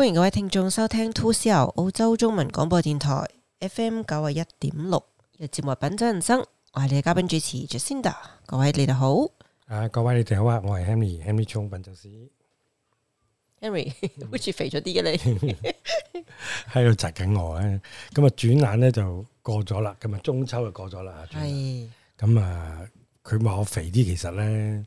歡迎各位聽眾收聽 2CR 澳洲中文廣播電台 F M 九啊一點六，日節目《品酒人生》，我係你嘅嘉賓主持 Jacinda，各位你哋好。啊，各位你哋好啊，我係 Henry，Henry 鍾品酒師。Henry 好似肥咗啲嘅，你，喺度窒緊我啊。咁啊，轉眼咧就過咗啦，咁啊中秋就過咗啦。係。咁啊，佢話我肥啲，其實咧。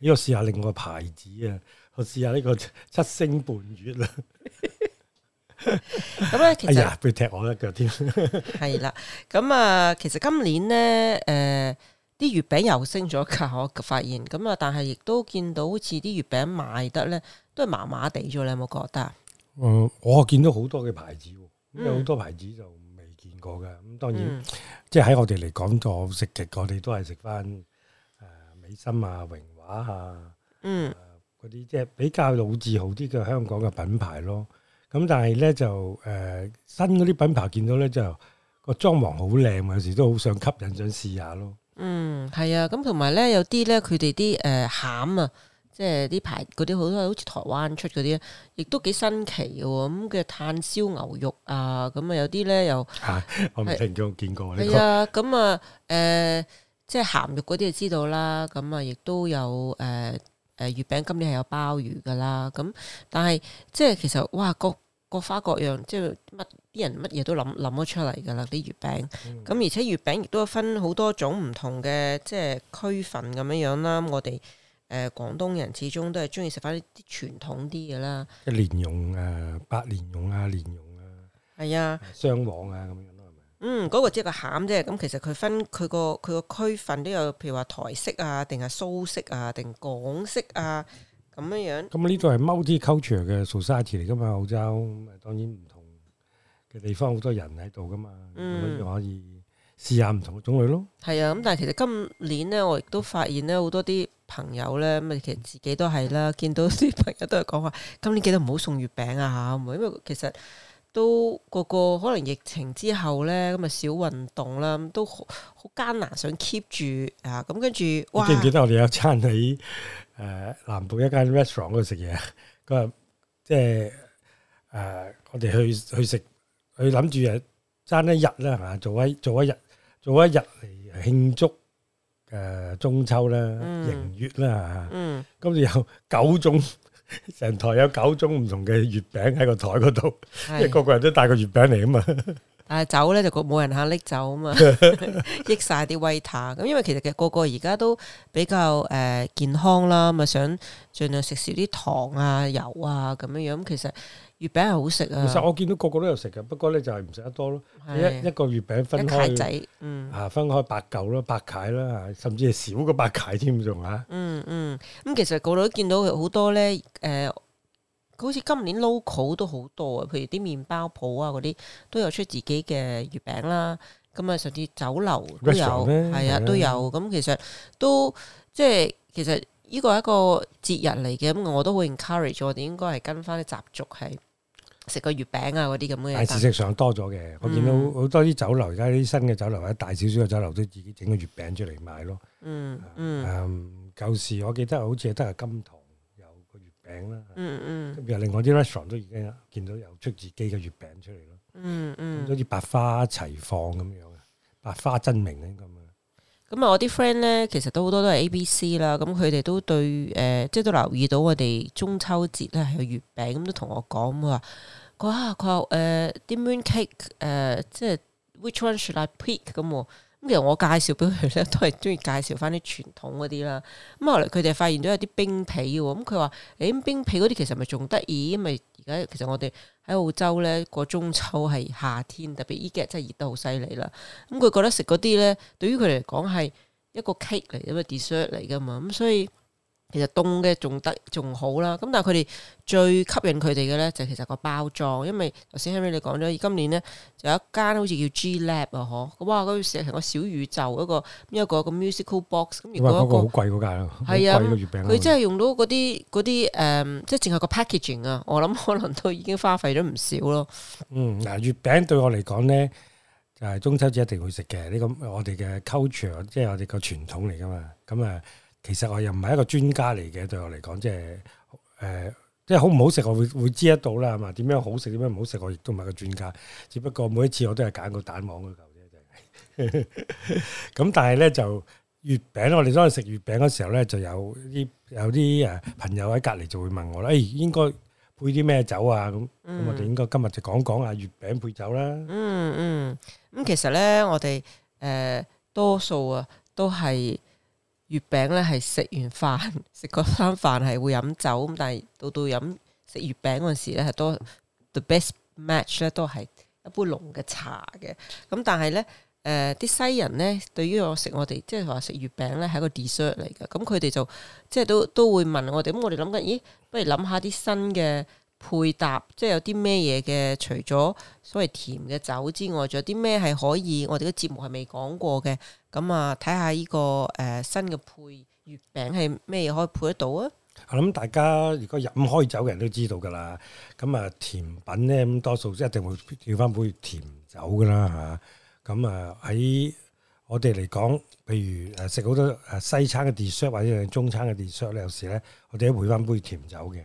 呢個試下另外牌子啊，我試下呢個七星伴月啦。咁 咧、 嗯，其實哎呀，俾踢我一腳添。係 啦，咁、嗯、啊，其實今年咧，誒、呃，啲月餅又升咗價，我發現。咁啊，但係亦都見到好似啲月餅賣得咧，都係麻麻地咗，你有冇覺得？嗯，我見到好多嘅牌子，有好多牌子就未見過嘅。咁、嗯、當然，嗯、即係喺我哋嚟講，就食極，我哋都係食翻誒美心啊榮下，嗯，嗰啲即係比較老字號啲嘅香港嘅品牌咯。咁、嗯、但係咧就誒、呃、新嗰啲品牌見到咧就個裝潢好靚，有時都好想吸引，想試下咯，嗯、啊呃。嗯，係啊。咁同埋咧，有啲咧佢哋啲誒餡啊，即係啲牌，嗰啲好多好似台灣出嗰啲，亦都幾新奇嘅喎。咁嘅炭燒牛肉啊，咁啊有啲咧又我唔係聽講見過。係是這個 啊，咁啊誒。 即係鹹肉嗰啲就知道啦，咁啊亦都有誒誒、呃呃、月餅，今年係有鮑魚㗎啦，咁、嗯、但係即係其實哇，各各花各，各，各樣，即係乜啲人乜嘢都諗諗得出嚟㗎啦啲月餅，咁、嗯、而且月餅亦都分好多種唔同嘅即係區分咁樣樣啦。我哋誒、呃、廣東人始終都係鍾意食返啲傳統啲嘅啦，即蓮蓉啊、白蓮蓉啊，蓮蓉啊，係呀啊，雙黃啊咁樣。嗯，嗰個即係個餡啫，咁其實佢分佢個佢個區分都有，譬如話台式啊，定係蘇式啊，定港式啊，咁樣樣。咁呢度係 multi culture 嘅 society 嚟噶嘛，澳洲當然唔同嘅地方好多人喺度噶嘛，咁樣可以試下唔同嘅種類咯。係啊，咁但係其實今年咧，我亦都發現咧，好多啲朋友咧，咁咪其實自己都係啦，見到啲朋友都係講話，今年記得唔好送月餅啊嚇，因為其實。都個個可能疫情之後咧，咁啊少運動啦，咁都好艱難，想 keep 住啊！咁跟住，哇！記唔記得我哋有餐喺誒南部一間 restaurant 嗰度食嘢？佢話即係誒，我哋去去食，去諗住誒爭一日啦嚇，做一做一日，做一日嚟慶祝誒中秋啦、迎月啦嚇。嗯，咁然後有九種。成台有九種唔同嘅月餅喺個台嗰度，因為個個人都帶個月餅嚟啊嘛。 啊酒咧就冇人肯拎酒啊嘛， 益晒啲胃糖。咁因為其實嘅個個而家都比較誒、呃、健康啦，咪想盡量食少啲糖啊油啊咁樣樣。其實月餅係好食啊。其實我見到個個都有食嘅，不過咧就係唔食得多咯。一的一個月餅分開，仔嗯，啊，分開八嚿咯，八契啦，甚至係少過八契添仲吓。嗯嗯，咁其實個個都見到好多咧誒。呃好似今年 local 都好多啊，譬如啲麵包鋪啊嗰啲都有出自己嘅月餅啦，咁啊甚至酒樓都有，係啊，啊都有。咁其實都即係其實呢個係一個節日嚟嘅，咁我都會 encourage 我哋應該係跟翻啲習俗，係食個月餅啊嗰啲咁嘅嘢。係事實上多咗嘅，嗯，我見到好多啲酒樓而家啲新嘅酒樓或者大少少嘅酒樓都自己整個月餅出嚟賣咯。嗯嗯，舊時我記得好似係得個金餅啦， 嗯嗯，咁又另外啲 restaurant 都已經見到有出自己嘅月餅出嚟咯，嗯，嗯嗯，好似百花齊放咁樣嘅，百花爭鳴咧咁啊，咁啊，我啲 friend 咧其實都好多都係 A B C 啦，咁佢哋都對誒、呃，即係都留意到我哋中秋節咧係有月餅，咁都同我講，佢話，佢話誒啲 moon cake，誒即係 which one should I pick 咁。由我介紹俾佢咧，都係中意介紹翻啲傳統嗰啲啦。咁後來佢哋發現咗有啲冰皮喎，咁佢話：，誒、哎，冰皮嗰啲其實咪仲得意，因為而家其實我哋喺澳洲咧過中秋係夏天，特別呢幾日真係熱得好犀利啦。咁佢覺得食嗰啲咧，對於佢嚟講係一個 cake 嚟，噶嘛 dessert 嚟噶嘛。咁所以。其實凍嘅仲得仲好啦，咁但係佢哋最吸引佢哋嘅咧，就其實個包裝，因為頭先喺 e 你講咗，而今年咧就有一間好似叫 G Lab 啊，嗬，哇嗰個成個小宇宙一，一個一個一個 musical box，咁如果嗰個好貴嗰間，係、嗯那個、啊，佢真係用到嗰啲嗰啲誒，即係淨係個 packaging 啊，我諗可能都已經花費咗唔少咯。嗯，嗱，月餅對我嚟講咧，就係、是、中秋節一定會食嘅，呢、這個我哋嘅 culture，即係我哋個傳統嚟噶嘛，咁啊。其實我又唔係一個專家嚟嘅，對我嚟講，即係誒、呃，即係好唔好食，我會會知得到啦，係嘛？點樣好食，點樣唔好食，我亦都唔係個專家。只不過每一次我都係揀個蛋黃嘅嚿啫，咁 但係咧，就月餅，我哋當日食月餅嘅時候咧，就有啲有啲誒朋友喺隔籬就會問我啦，誒、哎、應該配啲咩酒啊？咁咁、嗯、我哋應該今日就講講啊月餅配酒啦、嗯。嗯嗯，咁其實咧，我哋誒、呃、多數啊都係。月餅咧，係食完飯，食嗰餐飯係會飲酒，咁但係到到飲食月餅嗰陣時咧，係多 the best match 咧，都係一杯濃嘅茶嘅。咁但係咧，誒、呃、啲西人咧對於我食我哋即係話食月餅咧係一個 dessert 嚟嘅，咁佢哋就即係都都會問我哋，咁我哋諗緊，咦，不如諗下啲新嘅。配搭即係有啲咩嘢嘅？除咗所謂甜嘅酒之外，仲有啲咩係可以？我哋嘅節目係未講過嘅。咁啊，睇下呢個誒、呃、新嘅配月餅係咩嘢可以配得到啊？我諗大家如果飲開酒嘅人都知道㗎啦。咁啊，甜品咧咁多數一定會叫翻杯甜酒㗎啦嚇。咁啊喺、啊、我哋嚟講，譬如誒食好多誒西餐嘅 dessert 或者係中餐嘅 dessert 有時咧我哋都會翻杯甜酒嘅。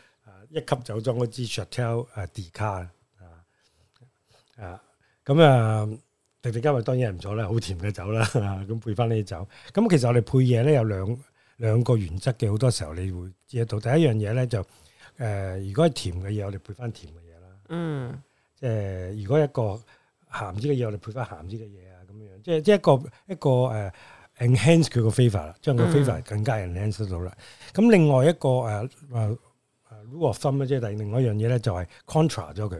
一級酒莊嗰支 Chateau 啊迪卡啊，啊咁啊迪迪嘉咪當然唔錯啦，好甜嘅酒啦，咁配翻呢啲酒。咁其實我哋配嘢咧有兩兩個原則嘅，好多時候你會知到，第一樣嘢咧就誒，如果係甜嘅嘢，我哋配翻甜嘅嘢啦。嗯，即係如果一個鹹啲嘅嘢，我哋配翻鹹啲嘅嘢啊，咁樣。即係即係一個一個誒 enhance 佢個 flavour 啦，將個 flavour 更加 enhance 到啦。咁另外一個誒誒。補和分啊！即係另外一樣嘢咧，就係 contrast 咗佢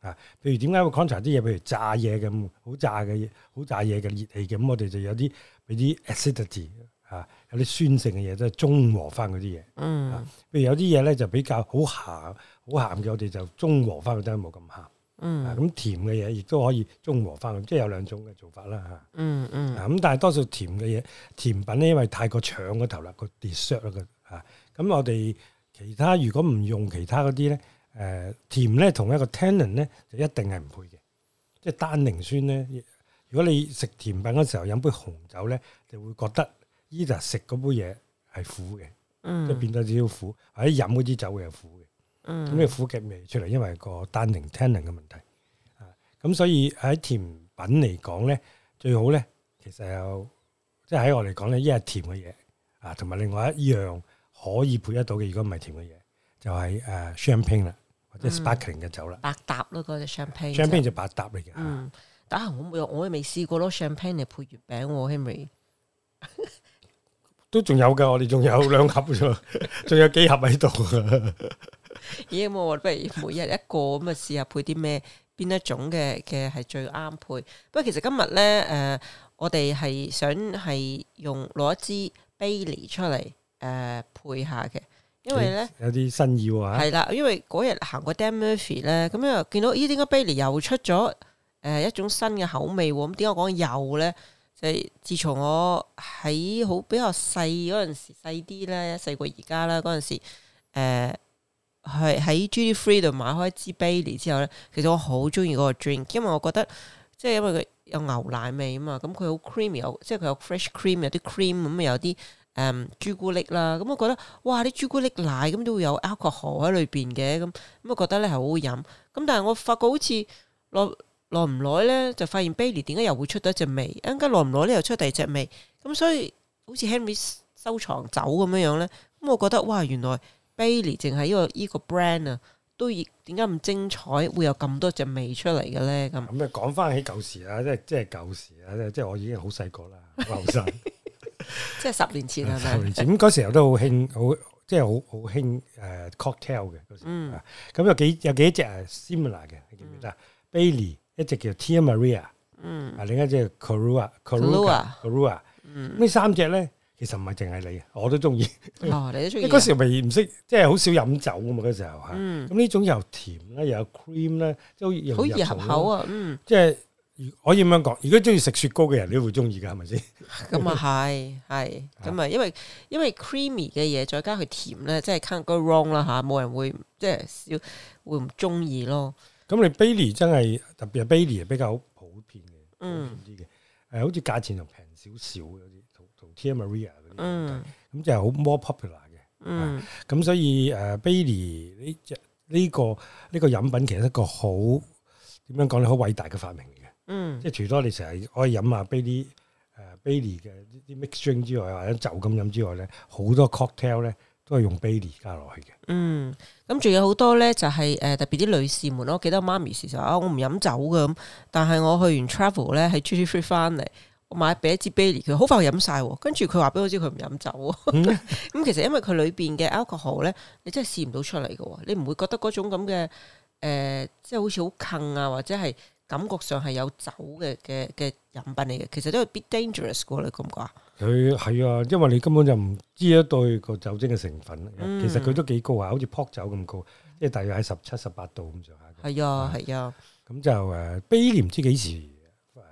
啊。譬如點解會 contrast 啲嘢？譬如炸嘢咁，好炸嘅嘢，好炸嘢嘅熱氣嘅，咁我哋就有啲俾啲 acidity 啊，有啲酸性嘅嘢，都係中和翻嗰啲嘢。嗯，譬如有啲嘢咧就比較好鹹，好鹹嘅，我哋就中和翻佢，都冇咁鹹。嗯，咁、啊、甜嘅嘢亦都可以中和翻，即係有兩種嘅做法啦。嚇、啊啊，嗯嗯，咁、啊、但係多數甜嘅嘢，甜品咧因為太過搶嗰頭啦，個 dessert 啦，咁我哋。多多其他如果唔用其他嗰啲咧，誒、呃、甜咧同一個 tannin 咧就一定係唔配嘅，即係單寧酸咧。如果你食甜品嗰時候飲杯紅酒咧，就會覺得依頭食嗰杯嘢係苦嘅，嗯、即係變咗少少苦。或者飲嗰啲酒會係苦嘅，咁你、嗯、苦嘅味出嚟，因為個單寧 tannin 嘅問題。咁、啊、所以喺甜品嚟講咧，最好咧其實有即係喺我嚟講咧，一係甜嘅嘢啊，同埋另外一樣，可以配得到嘅，如果唔係甜嘅嘢，就係誒香檳啦，或者 sparkling 嘅酒啦，百搭咯嗰隻香檳。香檳就百搭嚟嘅。嗯，啊，我冇，我又未試過咯，香檳嚟配月餅，Henry。都仲有噶，我哋仲有兩盒咗，仲有幾盒喺度？咦，我不如每日一個咁啊，試下配啲咩？邊一種嘅嘅係最啱配？不過其實今日咧，誒、呃，我哋係想係用攞一支 Baileys 出嚟。誒、呃，配下嘅，因為咧有啲新意啊，係啦，因為嗰日行過 Dan Murphy 咧，咁又見到咦？點解 Baileys 又出咗誒、呃、一種新嘅口味？咁點解講又咧？就係、是、自從我喺好比較細嗰陣時，細啲啦，細過而家啦，嗰陣時誒，係喺 Duty Free 度買開一支 Baileys 之後咧，其實我好中意嗰個 drink，因為我覺得即係因為佢有牛奶味啊嘛，咁佢好 creamy，有即係佢有 fresh cream，有啲 cream 咁啊，有啲。誒、嗯，朱古力啦，咁、嗯、我覺得，哇，啲朱古力奶咁都會有 alcohol 喺裏邊嘅，咁咁我覺得咧係好好飲，咁但係我發覺好似耐耐唔耐咧，就發現 Bailey 點解又會出到一隻味，一陣間耐唔耐咧又出第二隻味，咁所以好似 Henry 收藏酒咁樣呢樣咧，咁我覺得哇，原來 Bailey 淨係呢、這個依、這個 brand 啊，都亦點解咁精彩，會有咁多隻味出嚟嘅咧？咁咁咪講翻起舊時啦，即係即係舊時啦，即係我已經好細個啦，後生。即係十年前啦，十年前嗰時候都好興，好即係好好興誒 cocktail 嘅。嗯，咁有幾有幾隻誒 similar 嘅，你記唔記得？Bailey 一隻叫 Tia Maria，啊另一隻叫 Kahlua，Kahlua，Kahlua，呢三隻咧，其實唔係淨係你，我都中意。哦，你都中意。嗰時咪唔識，即係好少飲酒噶嘛，嗰時候吓。嗯。咁呢種又甜啦，又有 cream 啦，都好入口啊。即係。可以咁樣講，如果中意食雪糕嘅人，你都會中意嘅，係咪先？咁啊，係係咁啊，因為因為 creamy 嘅嘢，再加佢甜咧，即係 can't go wrong 啦吓，冇人會即係少會唔中意咯。咁你 Baileys 真係特別係 Baileys 係比較普遍嘅，普遍啲嘅，誒，好似價錢又平少少嘅，同同 Tia Maria 嗰啲，咁就係好 more popular 嘅，咁所以誒、呃、Baileys 呢、這、隻呢個呢、這個這個飲品其實一個好點樣講咧，好偉大嘅發明。嗯，即係除咗你成日可以飲下，Baileys 誒 Baileys 嘅啲 mixing 之外，或者酒咁飲之外咧，好多 cocktail 咧都係用 Baileys 加落去嘅。嗯，咁仲有好多咧、就是，就係誒特別啲女士們咯。我記得我媽咪事實啊，我唔飲酒嘅咁，但係我去完 travel 咧，喺 Duty Free 翻嚟，我買俾一支 Baileys 佢，好快飲晒喎。跟住佢話俾我知佢唔飲酒喎。咁、嗯、 其實因為佢裏邊嘅 alcohol 咧，你真係試唔到出嚟嘅，你唔會覺得嗰種咁嘅誒，即、呃、係、就是、好似好坑啊，或者係。感覺上係有酒嘅嘅嘅飲品嚟嘅，其實都係 bit dangerous 嘅喎，你覺唔覺啊？佢係啊，因為你根本就唔知一對個酒精嘅成分，其實佢都幾高啊，好似 port 酒咁高，即係大約喺十七、十八度咁上下。係啊，係啊。咁就誒，Baileys 唔知幾時誒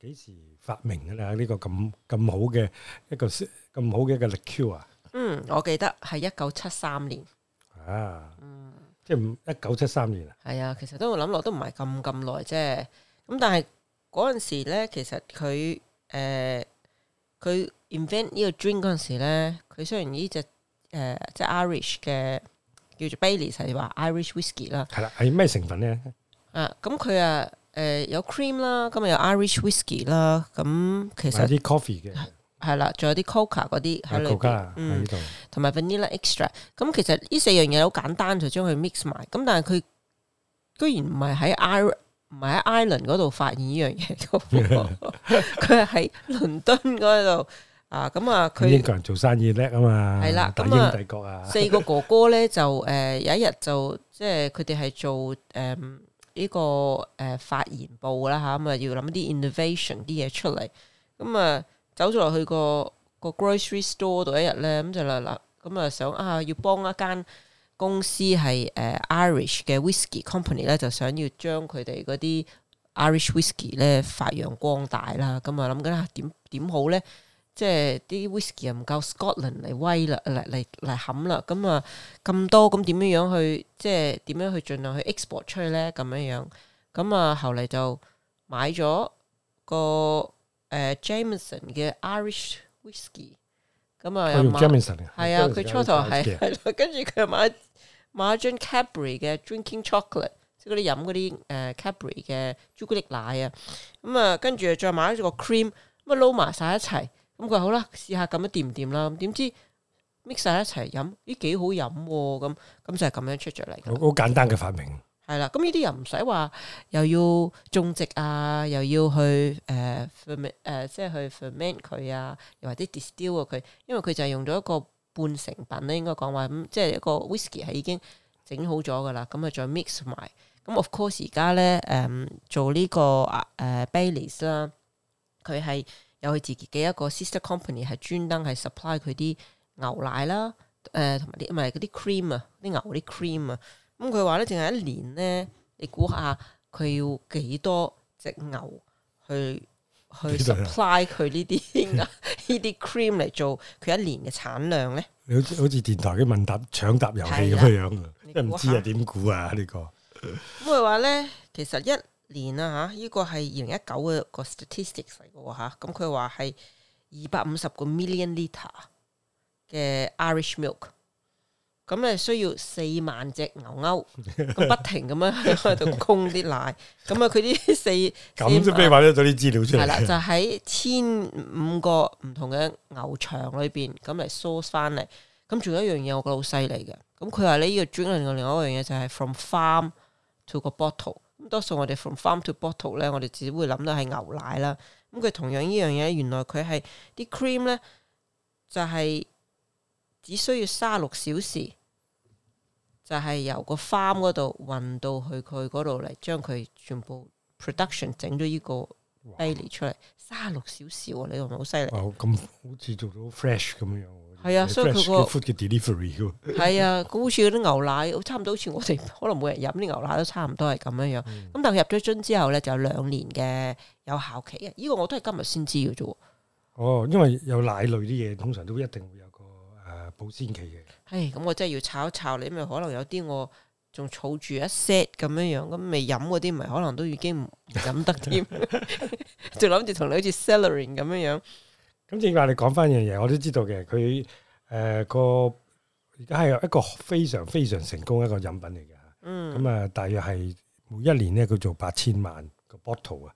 幾時發明嘅啦？呢個咁咁好嘅一個咁好嘅一個 liqueur 啊！嗯，我記得係一九七三年啊。即係一九七三年啊？係啊，其實都我諗落都唔係咁咁耐啫。咁但係嗰陣時咧，其實佢誒，佢、呃、invent 呢個 drink 嗰陣時咧，佢雖然呢只誒即、呃、係、就是、Irish 嘅叫做 Baileys，係話 Irish whiskey 啦。係啦，係咩成分咧？啊，咁佢啊，誒有 cream 啦，咁啊有 Irish whiskey 啦，咁其實啲 coffee 嘅。係啦，仲有啲 coca 嗰啲喺度同埋 vanilla extract 咁其實呢四樣嘢好簡單，就將佢 mix 埋。咁但係佢居然唔係喺 I 唔係喺 Ireland 嗰度發現呢樣嘢，佢係喺倫敦嗰度啊。咁、嗯、啊，佢英國人做生意叻啊嘛，係啦了，大英帝國啊。嗯、四個哥哥咧就誒、呃、有一日就即係佢哋係做誒呢、嗯這個誒、呃、發言部啦吓，咁啊要諗啲 innovation 啲嘢出嚟咁啊。走咗落去嗰個 grocery store 度一日咧，咁就啦啦，咁啊想啊要幫一間公司係誒、呃、Irish 嘅 whisky company 咧，就想要將佢哋嗰啲 Irish whisky 咧發揚光大啦。咁啊諗緊啊點點好咧？即係啲 whisky 又唔夠 Scotland 嚟威啦，嚟嚟嚟冚啦。咁啊咁多咁點樣樣去？即係點樣去盡量去 export 出去咧？咁樣樣咁啊後嚟就買咗個。誒、uh, Jameson 嘅 Irish Whisky，咁、嗯、啊又買，係啊、嗯，佢初頭係係，跟住佢買買一樽 Cadbury 嘅 drinking chocolate，即係嗰啲飲嗰啲誒 Cadbury 嘅朱古力奶啊，咁啊跟住再買咗個 cream，咁啊撈埋晒一齊、嗯，咁佢話好啦，試下咁樣掂唔掂啦，點知 mix 晒一齊飲，咦幾好飲喎，咁咁就係咁樣出咗嚟。好簡單嘅發明。係啦，咁呢啲又唔使話，又要種植啊，又要去誒，誒、誒，即係去 ferment 佢啊，又或者 distill 佢，因為佢就係用咗一個半成品咧，應該講話咁，即係一個 whisky 係已經整好咗噶啦，咁啊再 mix 埋，咁 of course 而家咧誒做呢個啊誒 Baileys 啦，佢係有佢自己嘅一個 sister company 係專登係 supply 佢啲牛奶啦，誒同埋啲唔係嗰啲 cream 啊，啲牛啲 cream 啊。咁佢話咧，淨係一年咧，你估下佢要幾多隻牛去、啊、去 supply 佢呢啲呢啲 cream 嚟做佢一年嘅產量咧？好好似電台嘅問答搶答遊戲咁嘅樣，真唔、啊、知啊點估啊呢個。咁佢話咧，其實一年啊吓，呢、這個係二零一九嘅個 statistics 嚟嘅吓。咁佢話係二百五十個 million liter 嘅 Irish milk。咁你需要四萬隻牛勾，咁 不停咁樣喺度供啲奶，咁啊佢啲四咁即係咪畀咗啲資料出嚟？係啦，就喺千五個唔同嘅牛場裏邊，咁嚟 source 翻嚟。咁仲有一樣嘢，我覺得好犀利嘅。咁佢話咧呢個轉另外另一樣嘢就係 from farm to 個 bottle。咁多數我哋 from farm to bottle 咧，我哋只會諗到係牛奶啦。咁佢同樣呢樣嘢，原來佢係啲 cream 咧，就係、是、只需要三十六小時。就係由個 farm 嗰度運到去佢嗰度嚟，將佢全部 production 整咗呢個 Baileys< 哇>出嚟，卅六小時，你話唔好犀利？咁好似做到 fresh 咁樣樣。係啊，所以佢個闊嘅 delivery。係啊，咁好似嗰啲牛奶，差唔多好似我哋 可能冇人飲啲牛奶都差唔多係咁樣樣。咁、嗯、但係入咗樽之後咧，就有兩年嘅有效期啊！呢、這個我都係今日先知嘅啫。哦，因為有奶類啲嘢，通常,常,常都一定會有。保鮮期嘅，係咁、嗯、我真係要炒一炒你。咁，咪可能有啲我仲儲住一 set 咁樣樣，咁未飲嗰啲，咪可能都已經唔飲得添，仲諗住同你好似 cellaring 咁樣樣。咁、嗯、正話你講翻樣嘢，我都知道嘅。佢誒、呃、個而家係一個非常非常成功一個飲品嚟嘅吓，咁啊、嗯嗯、大約係每一年咧佢做八千萬個 bottle 啊，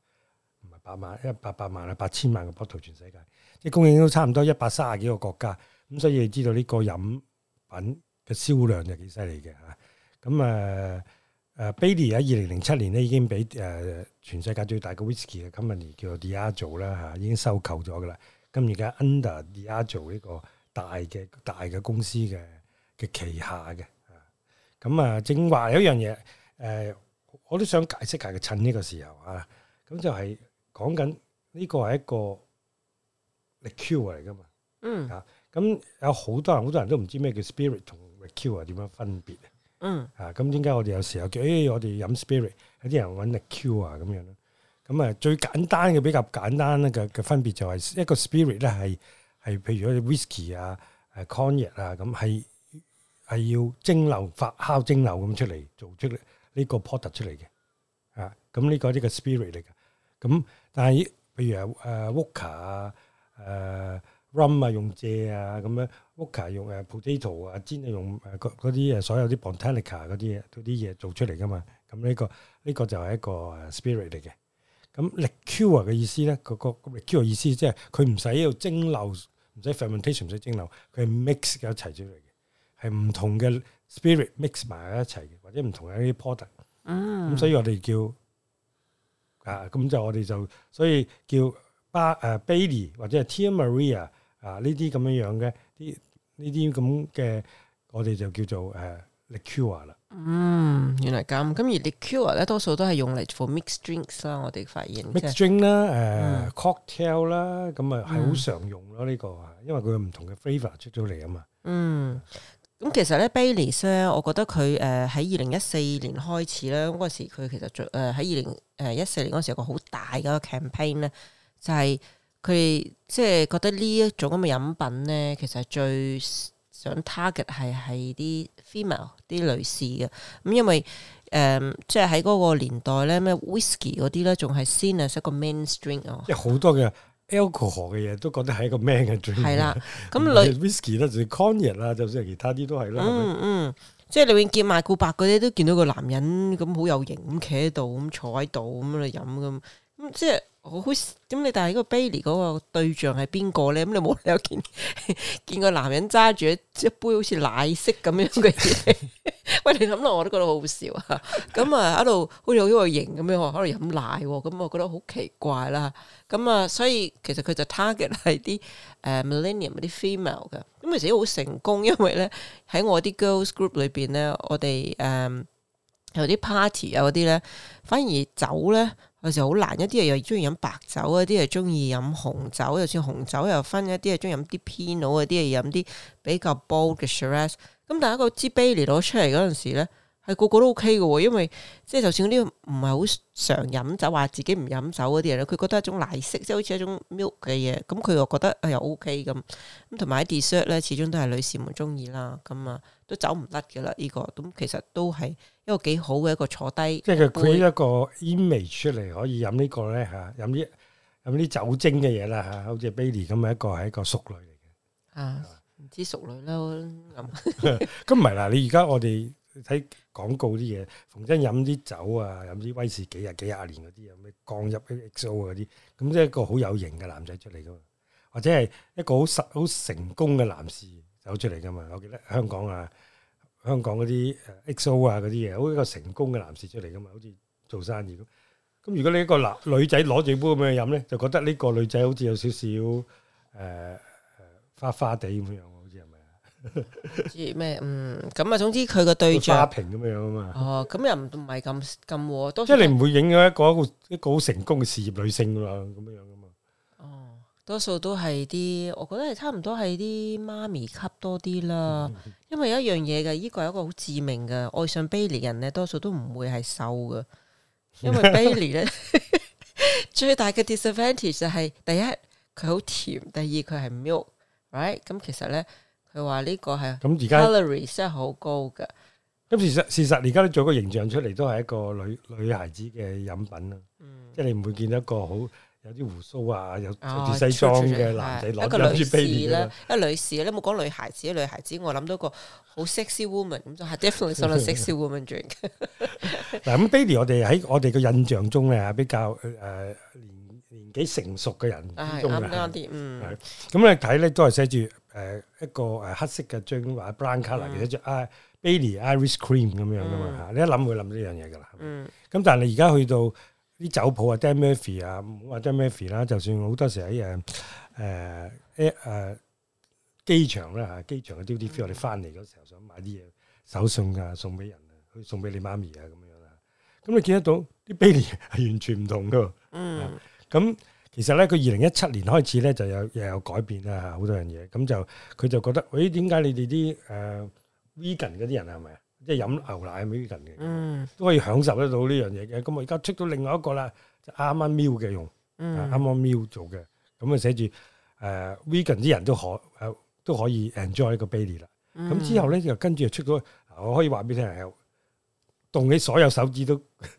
唔係八萬一百八萬啊，八千萬個 bottle 全世界，即係供應都差唔多一百卅幾個國家。咁所以你知道呢個飲品嘅銷量就幾犀利嘅嚇，咁啊誒 Baileys 喺二零零七年咧已經俾誒全世界最大嘅 Whisky 嘅 Company 叫做 Diageo 啦嚇，已經收購咗嘅啦。咁而家 Under Diageo 呢個大嘅大嘅公司嘅嘅旗下嘅嚇，咁啊，啊正話有一樣嘢誒，我都想解釋下嘅，趁呢個時候啊，咁就係講緊呢個係一個 liqueur 嚟噶嘛，啊、嗯嚇。咁有好多人，好多人都唔知咩叫 spirit 同 whisky 啊點樣分別，嗯啊，咁點解我哋有時候叫誒、哎、我哋飲 spirit，有啲人揾 whisky 啊咁樣咯。咁啊，最簡單嘅比較簡單嘅嘅分別就係一個 spirit 咧係係譬如好似 whisky 啊、誒 cognac 啊咁，係係、啊啊、要蒸餾、發酵、蒸餾咁出嚟，做出嚟呢個 product 出嚟嘅啊。咁呢個呢個 spirit 嚟嘅。咁、啊、但係譬如啊誒 vodka 啊誒。啊 rum 啊用蔗啊咁樣，vodka 用誒 potato 啊，gin 係用誒嗰啲誒所有啲 botanical 嗰啲嘢啲嘢做出嚟噶嘛，咁、這、呢個呢、這個就係一個誒 spirit 嚟嘅。咁 liquor 嘅意思咧，嗰個 liquor 意思即係佢唔使要蒸餾，唔使 fermentation，唔使蒸餾，佢係 mix 嘅一齊出嚟嘅，係唔同嘅 spirit mix 埋一齊嘅，或者唔同嘅啲 porter。咁所以我哋叫啊，咁就我哋就所以叫巴誒、呃、Baileys 或者係 Tia Maria。啊！呢啲咁樣樣嘅，啲呢啲咁嘅，我哋就叫做誒 liqueur 啦。嗯，原來咁。咁而 liqueur 咧，多數都係用嚟 for mixed drinks 啦。我哋發現 mixed drink 啦，誒 cocktail 啦，咁啊係好常用咯。呢個啊，因為佢有唔同嘅 flavour 出咗嚟啊嘛。嗯，咁其實咧，Baileys 咧，我覺得佢誒喺二零一四年開始啦，嗰陣時佢其實最誒喺二零誒一四年嗰陣時有個好大嘅 campaign 咧，就係。佢即係覺得呢一種咁嘅飲品咧，其實最想 target 係係啲 female 啲女士嘅。咁因為誒，即係喺嗰個年代咧，咩 whisky 嗰啲咧，仲係先係一個 main drink 啊。即係好多嘅 alcohol 嘅嘢都覺得係一個 main 嘅 drink 的。係啦， 咁女 whisky 咧就 cognac 啦，就算其他啲都係啦。嗯是是嗯，嗯，即係李永健埋古白嗰啲都見到個男人咁好有型咁企喺度，咁坐喺度咁嚟飲咁，咁、嗯、即係。好好咁，你但係嗰個 Baileys 嗰個對象係邊個咧？咁你冇有理由見見個男人揸住一杯好似奶色咁樣嘅嘢？ 喂，你諗落我都覺得好笑啊！咁 啊、嗯，喺、呃、度好似好型咁樣，喺度飲奶咁、嗯，我覺得好奇怪啦。咁、嗯、啊，所以其實佢就 target 係啲誒 millennium 嗰啲 female 噶，咁、呃嗯、其實好成功，因為咧喺我啲 girls group 裏邊咧，我哋誒、呃、有啲 party 啊嗰啲咧，反而酒咧。有時好難，一啲人又中意飲白酒，一啲又中意飲紅酒，又似紅酒又分一啲又中飲啲 Pinot，一啲又飲啲比較 bold 嘅 Chardonnay。咁但係一個支杯嚟攞出嚟嗰陣時咧。係個個都 OK 嘅，因為即係就算嗰啲唔係好常飲酒，話自己唔飲酒嗰啲嘢，咧，佢覺得一種奶昔，即係好似一種 milk 嘅嘢，咁佢又覺得誒又 OK 咁。咁同埋喺 dessert 咧，始終都係女士們中意啦，咁啊都走唔甩噶啦呢個，咁其實都係一個幾好嘅一個坐低。即係佢一個煙味出嚟，可以飲呢、這個咧吓，飲啲飲啲酒精嘅嘢啦吓，好似 Baileys 咁嘅一個係一個、啊、吧熟女嚟嘅。啊，唔知熟女啦咁。咁唔係嗱，你而家我哋。睇廣告啲嘢，逢親飲啲酒啊，飲啲威士忌啊，幾廿年嗰啲，咩降入啲 XO 啊嗰啲，咁即係一個好有型嘅男仔出嚟噶嘛，或者係一個好成好成功嘅男士走出嚟噶嘛，我記得香港啊，香港嗰啲 XO 啊嗰啲嘢，好似一個成功嘅男士出嚟噶嘛，好似做生意咁。咁如果你一個男女仔攞住杯咁樣飲咧，就覺得呢個女仔好似有少少誒誒花花地咁樣。知咩？嗯，咁啊，總之佢個對象家庭咁樣啊嘛。哦，咁又唔唔係咁咁喎，即係你唔會影響一個一個一個好成功嘅事業女性噶嘛，咁樣樣噶嘛。哦，多數都係啲，我覺得係差唔多係啲媽咪級多啲啦。因為有一樣嘢嘅，呢個係一個好致命嘅，愛上 Baileys 人咧，多數都唔會係瘦噶，因為 Baileys 咧最大嘅 disadvantage 就係第一佢好甜，第二佢係 milk，right？咁其實咧。佢話呢個係啊咁而家 calorie 真係好高嘅。咁事實事實而家你做個形象出嚟都係一個女女孩子嘅飲品啦。即係你唔會見到一個好有啲胡鬚啊，有着西裝嘅男仔攞住 Baileys 啦，一個女士你冇講女孩子，女孩子我諗到一個好 sexy woman 咁就係 definitely 一個 sexy woman drink。嗱咁 Baileys，我哋喺我哋嘅印象中咧比較誒年年紀成熟嘅人之中嘅。嗯，咁你睇咧都係寫住。誒一個誒黑色嘅樽，話 brown colour 嘅樽，啊 Baileys，Irish Cream 咁樣噶嘛嚇，你一諗會諗到呢樣嘢噶啦。嗯，咁但係你而家去到啲酒鋪啊，Dan Murphy 啊，唔好話 Dan Murphy 啦，就算好多時喺誒誒誒機場啦嚇，機場嘅 Duty Free，我哋翻嚟嗰時候想買啲嘢手信啊，送俾人啊，去送俾你媽咪啊咁樣啦。咁你見得到啲 Baileys 係完全唔同噶。嗯，咁。其實咧，佢二零一七年開始咧，就有又有改變啦，好多樣嘢。咁就佢就覺得，喂、欸，點解你哋啲誒 vegan 嗰啲人係咪啊？即係飲牛奶 vegan 嘅，嗯、都可以享受得到呢樣嘢嘅。咁我而家出到另外一個啦，就啱啱 m i w 嘅用，啱啱、嗯啊、m i w 做嘅。咁、嗯、啊、嗯、寫住誒 vegan、呃、啲人都可誒、呃、都可以 enjoy 呢個 baby 啦。咁、嗯、之後咧，跟就跟住又出咗，我可以話俾你聽係動起所有手指都。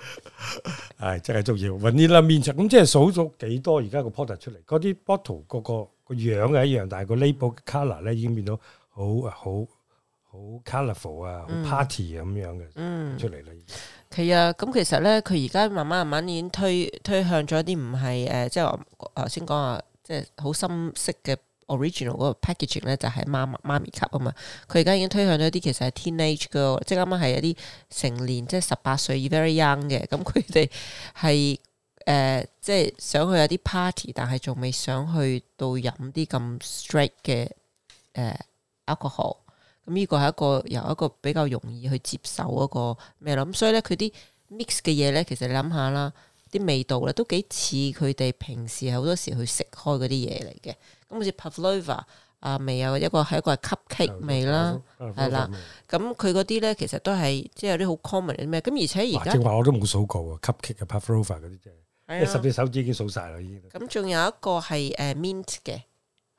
係、 哎、真係重要，搵啲啦面層，咁即係數咗幾多而家、嗯、個 product 出嚟，嗰啲 bottle 個個個樣係一樣，但係個 label 嘅 color 咧已經變到好啊好好 colorful 啊，好 party 咁樣嘅，嗯，出嚟啦。係啊、嗯，咁其實咧，佢而家慢慢慢慢已經推推向咗一啲唔係誒，即係我頭先講啊，即係好深色嘅。original 嗰個 packaging 咧就係媽媽咪級啊嘛，佢而家已經推向咗啲其實係 teenage 嘅，即係啱啱係一啲成年，即係十八歲，very young 嘅。咁佢哋係誒，即係想去有啲 party，但係仲未想去到飲啲咁 straight 嘅誒、呃、alcohol、嗯。咁、這、呢個係一個由一個比較容易去接受嗰個咩啦？咁所以咧，佢啲 mix 嘅嘢咧，其實你諗下啦，啲味道咧都幾似佢哋平時好多時去食開嗰啲嘢嚟嘅。咁好似 pavlova 啊，未有一個係一個 cup cake、嗯、味啦，係啦。咁佢嗰啲咧，其實都係即係有啲好 common 嘅咩？咁而且而家正話我都冇數過喎，cup cake 嘅 pavlova 嗰啲真十隻手指已經數晒啦，已經。咁仲、啊、有一個係誒 mint 嘅，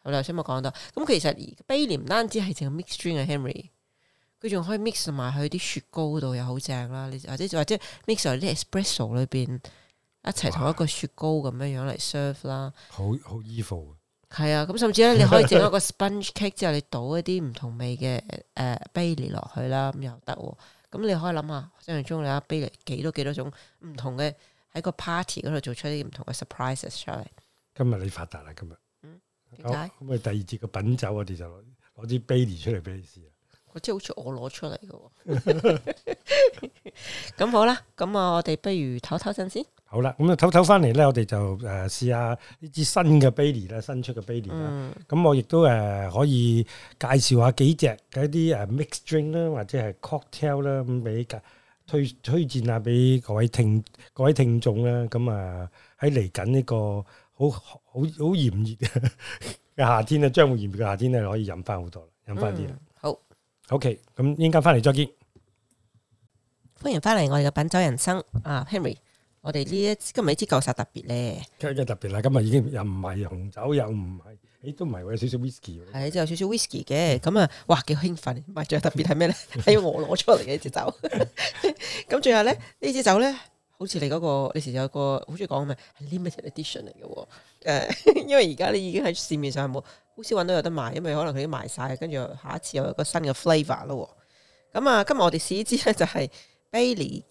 好啦，我頭先冇講到。咁其實 Baileys 唔單止係淨係 mix drink 嘅 Henry，佢仲可以 mix 埋去啲雪糕度又好正啦。或者就話 mix 埋啲 espresso 裏邊一齊同一個雪糕咁樣樣嚟 serve 啦，好好 evil。係啊，咁甚至咧，你可以整一個 sponge cake 之後，你倒一啲唔同味嘅誒 Baileys 落去啦，咁又得。咁 你可以諗下，真係中唔中意啊 Baileys 幾多幾多種唔同嘅，喺個 party 嗰度做出啲唔同嘅 surprises 出嚟。今日你發達啦，今日。嗯，點解？咁啊，可可第二節嘅品酒我哋就攞支 Baileys 出嚟俾你試啊。我即係好似我攞出嚟嘅。咁好啦，咁啊，我哋不如唞唞陣先。好啦，咁啊，唞唞翻嚟咧，我哋就誒試下呢支新嘅 Baileys 啦，新出嘅 Baileys 啦，嗯。咁、嗯、我亦都誒可以介紹下幾隻一啲誒 mixed drink 啦，或者係 cocktail 啦，咁俾推推薦下俾各位聽各位聽眾啦。咁啊喺嚟緊呢個好好好炎熱嘅夏天咧，將會炎熱嘅夏天咧，可以飲翻好多啦，飲翻啲啦。好，OK，咁一陣間翻嚟再見。歡迎翻嚟我哋嘅品酒人生，啊 Henry。我哋呢一支今日呢支夠晒特別咧，梗係特別啦！今日今已經又唔係紅酒，又唔係，誒都唔係，有少少 whisky。係，即有少少 whisky 嘅。咁啊，哇，幾興奮！唔係，最特別係咩咧？係 我攞出嚟嘅 支酒。咁最後咧，呢支酒咧，好似你嗰、那個，你前有個好中意講嘅，limited edition 嚟嘅。誒，因為而家你已經喺市面上冇，好少揾到有得賣，因為可能佢已經賣晒。跟住下一次有一個新嘅 flavor 咯。咁啊，今日我哋試呢支咧就係、是、Bailey。就是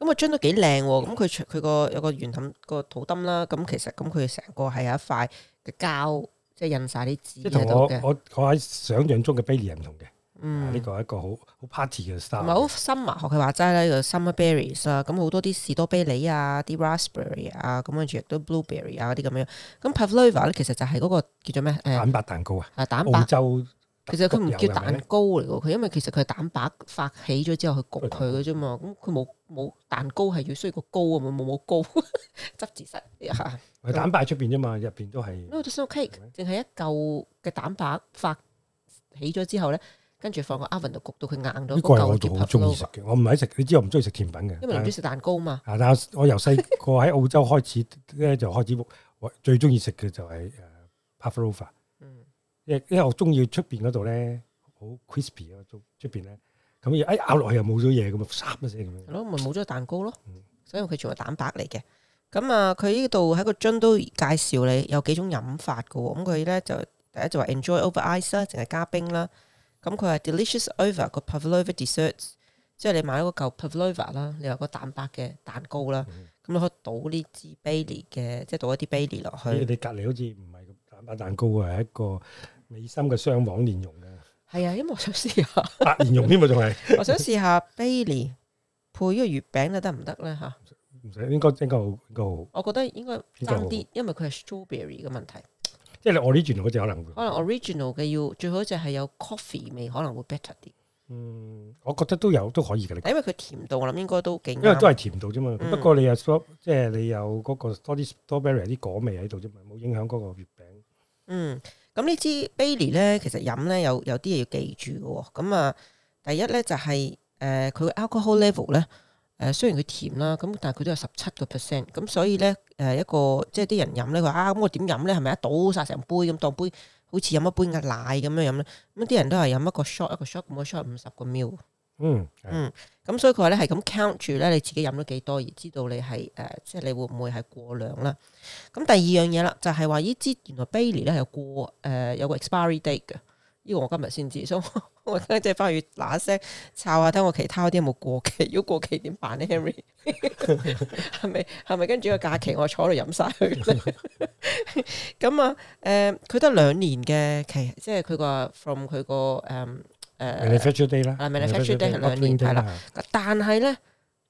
咁啊，樽都幾靚喎！咁佢佢個有個圓氹個土墩啦，咁其實咁佢成個係有一塊嘅膠，即係印晒啲紙喺度。我我喺想像中嘅 berries 唔同嘅，嗯，呢個係一個好好 party 嘅 style。唔係好 summer，學佢話齋咧，呢個 summer berries 啊，咁好多啲士多啤梨啊，啲 raspberry 啊，咁跟住亦都 blueberry 啊嗰啲咁樣。咁 pavlova 咧，其實就係嗰個叫做咩？蛋白蛋糕啊，啊蛋白澳洲。其實佢唔叫蛋糕嚟㗎，佢因為其實佢係蛋白發起咗之後去焗佢嘅啫嘛。咁佢冇冇蛋糕係要需要個糕啊嘛，冇冇糕，執字失係蛋白出邊啫嘛，入邊都係。No, it's not cake，淨係一嚿嘅蛋白發起咗之後咧，跟住放個 oven 度焗到佢硬咗。呢個我就好中意食嘅，我唔係食。你知我唔中意食甜品嘅，因為你唔中意食蛋糕嘛。啊！ 但我由細個喺澳洲開始咧， 就開始最中意食嘅就係誒 Pavlova。因為我中意出邊嗰度咧，好 crispy 啊！出出邊咧，咁一咬落去又冇咗嘢咁啊，沙一聲咁樣。係咯，咪冇咗蛋糕咯。嗯，所以佢全部蛋白嚟嘅。咁啊，佢呢度喺個樽都介紹你有幾種飲法嘅。咁佢咧就第一就話 enjoy over ice 啦，淨係加冰啦。咁佢係 delicious over 個 pavlova desserts，即係你買一嚿 pavlova 啦，你話個蛋白嘅蛋糕啦，咁你可以倒呢支 Baileys 嘅，即係倒一啲 Baileys 落去。你隔離好似唔係蛋白蛋糕啊，係一個。美心嘅雙黃蓮蓉啊，係啊，因為我想試下，蓮蓉添嘛，仲係。我想試下 Baileys 配呢個月餅啊，得唔得咧？吓，唔使，應該應該好，應該好。我覺得應該差啲，因為佢係 strawberry 嘅問題。即係你 original 嗰隻可能，嗯，可能 original 嘅要最好就係有 coffee 味，可能會 better 啲。嗯，我覺得都有都可以嘅。誒，因為佢甜度，我諗應該都幾。因為都係甜度啫嘛，嗯、不過你又，即係你有嗰個多啲 strawberry 啲果味喺度啫嘛，冇影響嗰個月餅。嗯。咁呢支 Bailey 咧，其實飲咧，有有啲嘢要記住嘅、哦。咁、嗯、啊，第一咧就係誒佢 alcohol level 咧，誒、呃呃、雖然佢甜啦，咁但係佢都有十七個 percent。咁、嗯、所以咧誒、呃、一個即係啲人飲咧，佢話啊咁、嗯、我點飲咧？係咪一倒晒成杯咁當杯，好似飲一杯嘅奶咁樣飲咧？咁、嗯、啲人都係飲一個 shot 一個 shot，每個 shot 五十個 mill。嗯嗯，咁、嗯嗯嗯、所以佢話咧係咁 count 住咧，你自己飲咗幾多，而知道你係誒，即、呃、係你會唔會係過量啦？咁、嗯、第二樣嘢啦，就係話呢支原來 Bailey 咧有過誒、呃，有個 expiry date 嘅。呢、這個我今日先知，所以我覺得即係翻去嗱一聲，抄下睇我其他嗰啲有冇過期，如果過期點辦咧？Henry 係咪係咪跟住個假期我坐度飲晒佢？咁啊，誒、 嗯，佢得兩年嘅期，即係佢個 from 佢個誒。誒，迷你 fresh date 啦，係咪？迷你 fresh date 係兩年，係啦。但係咧，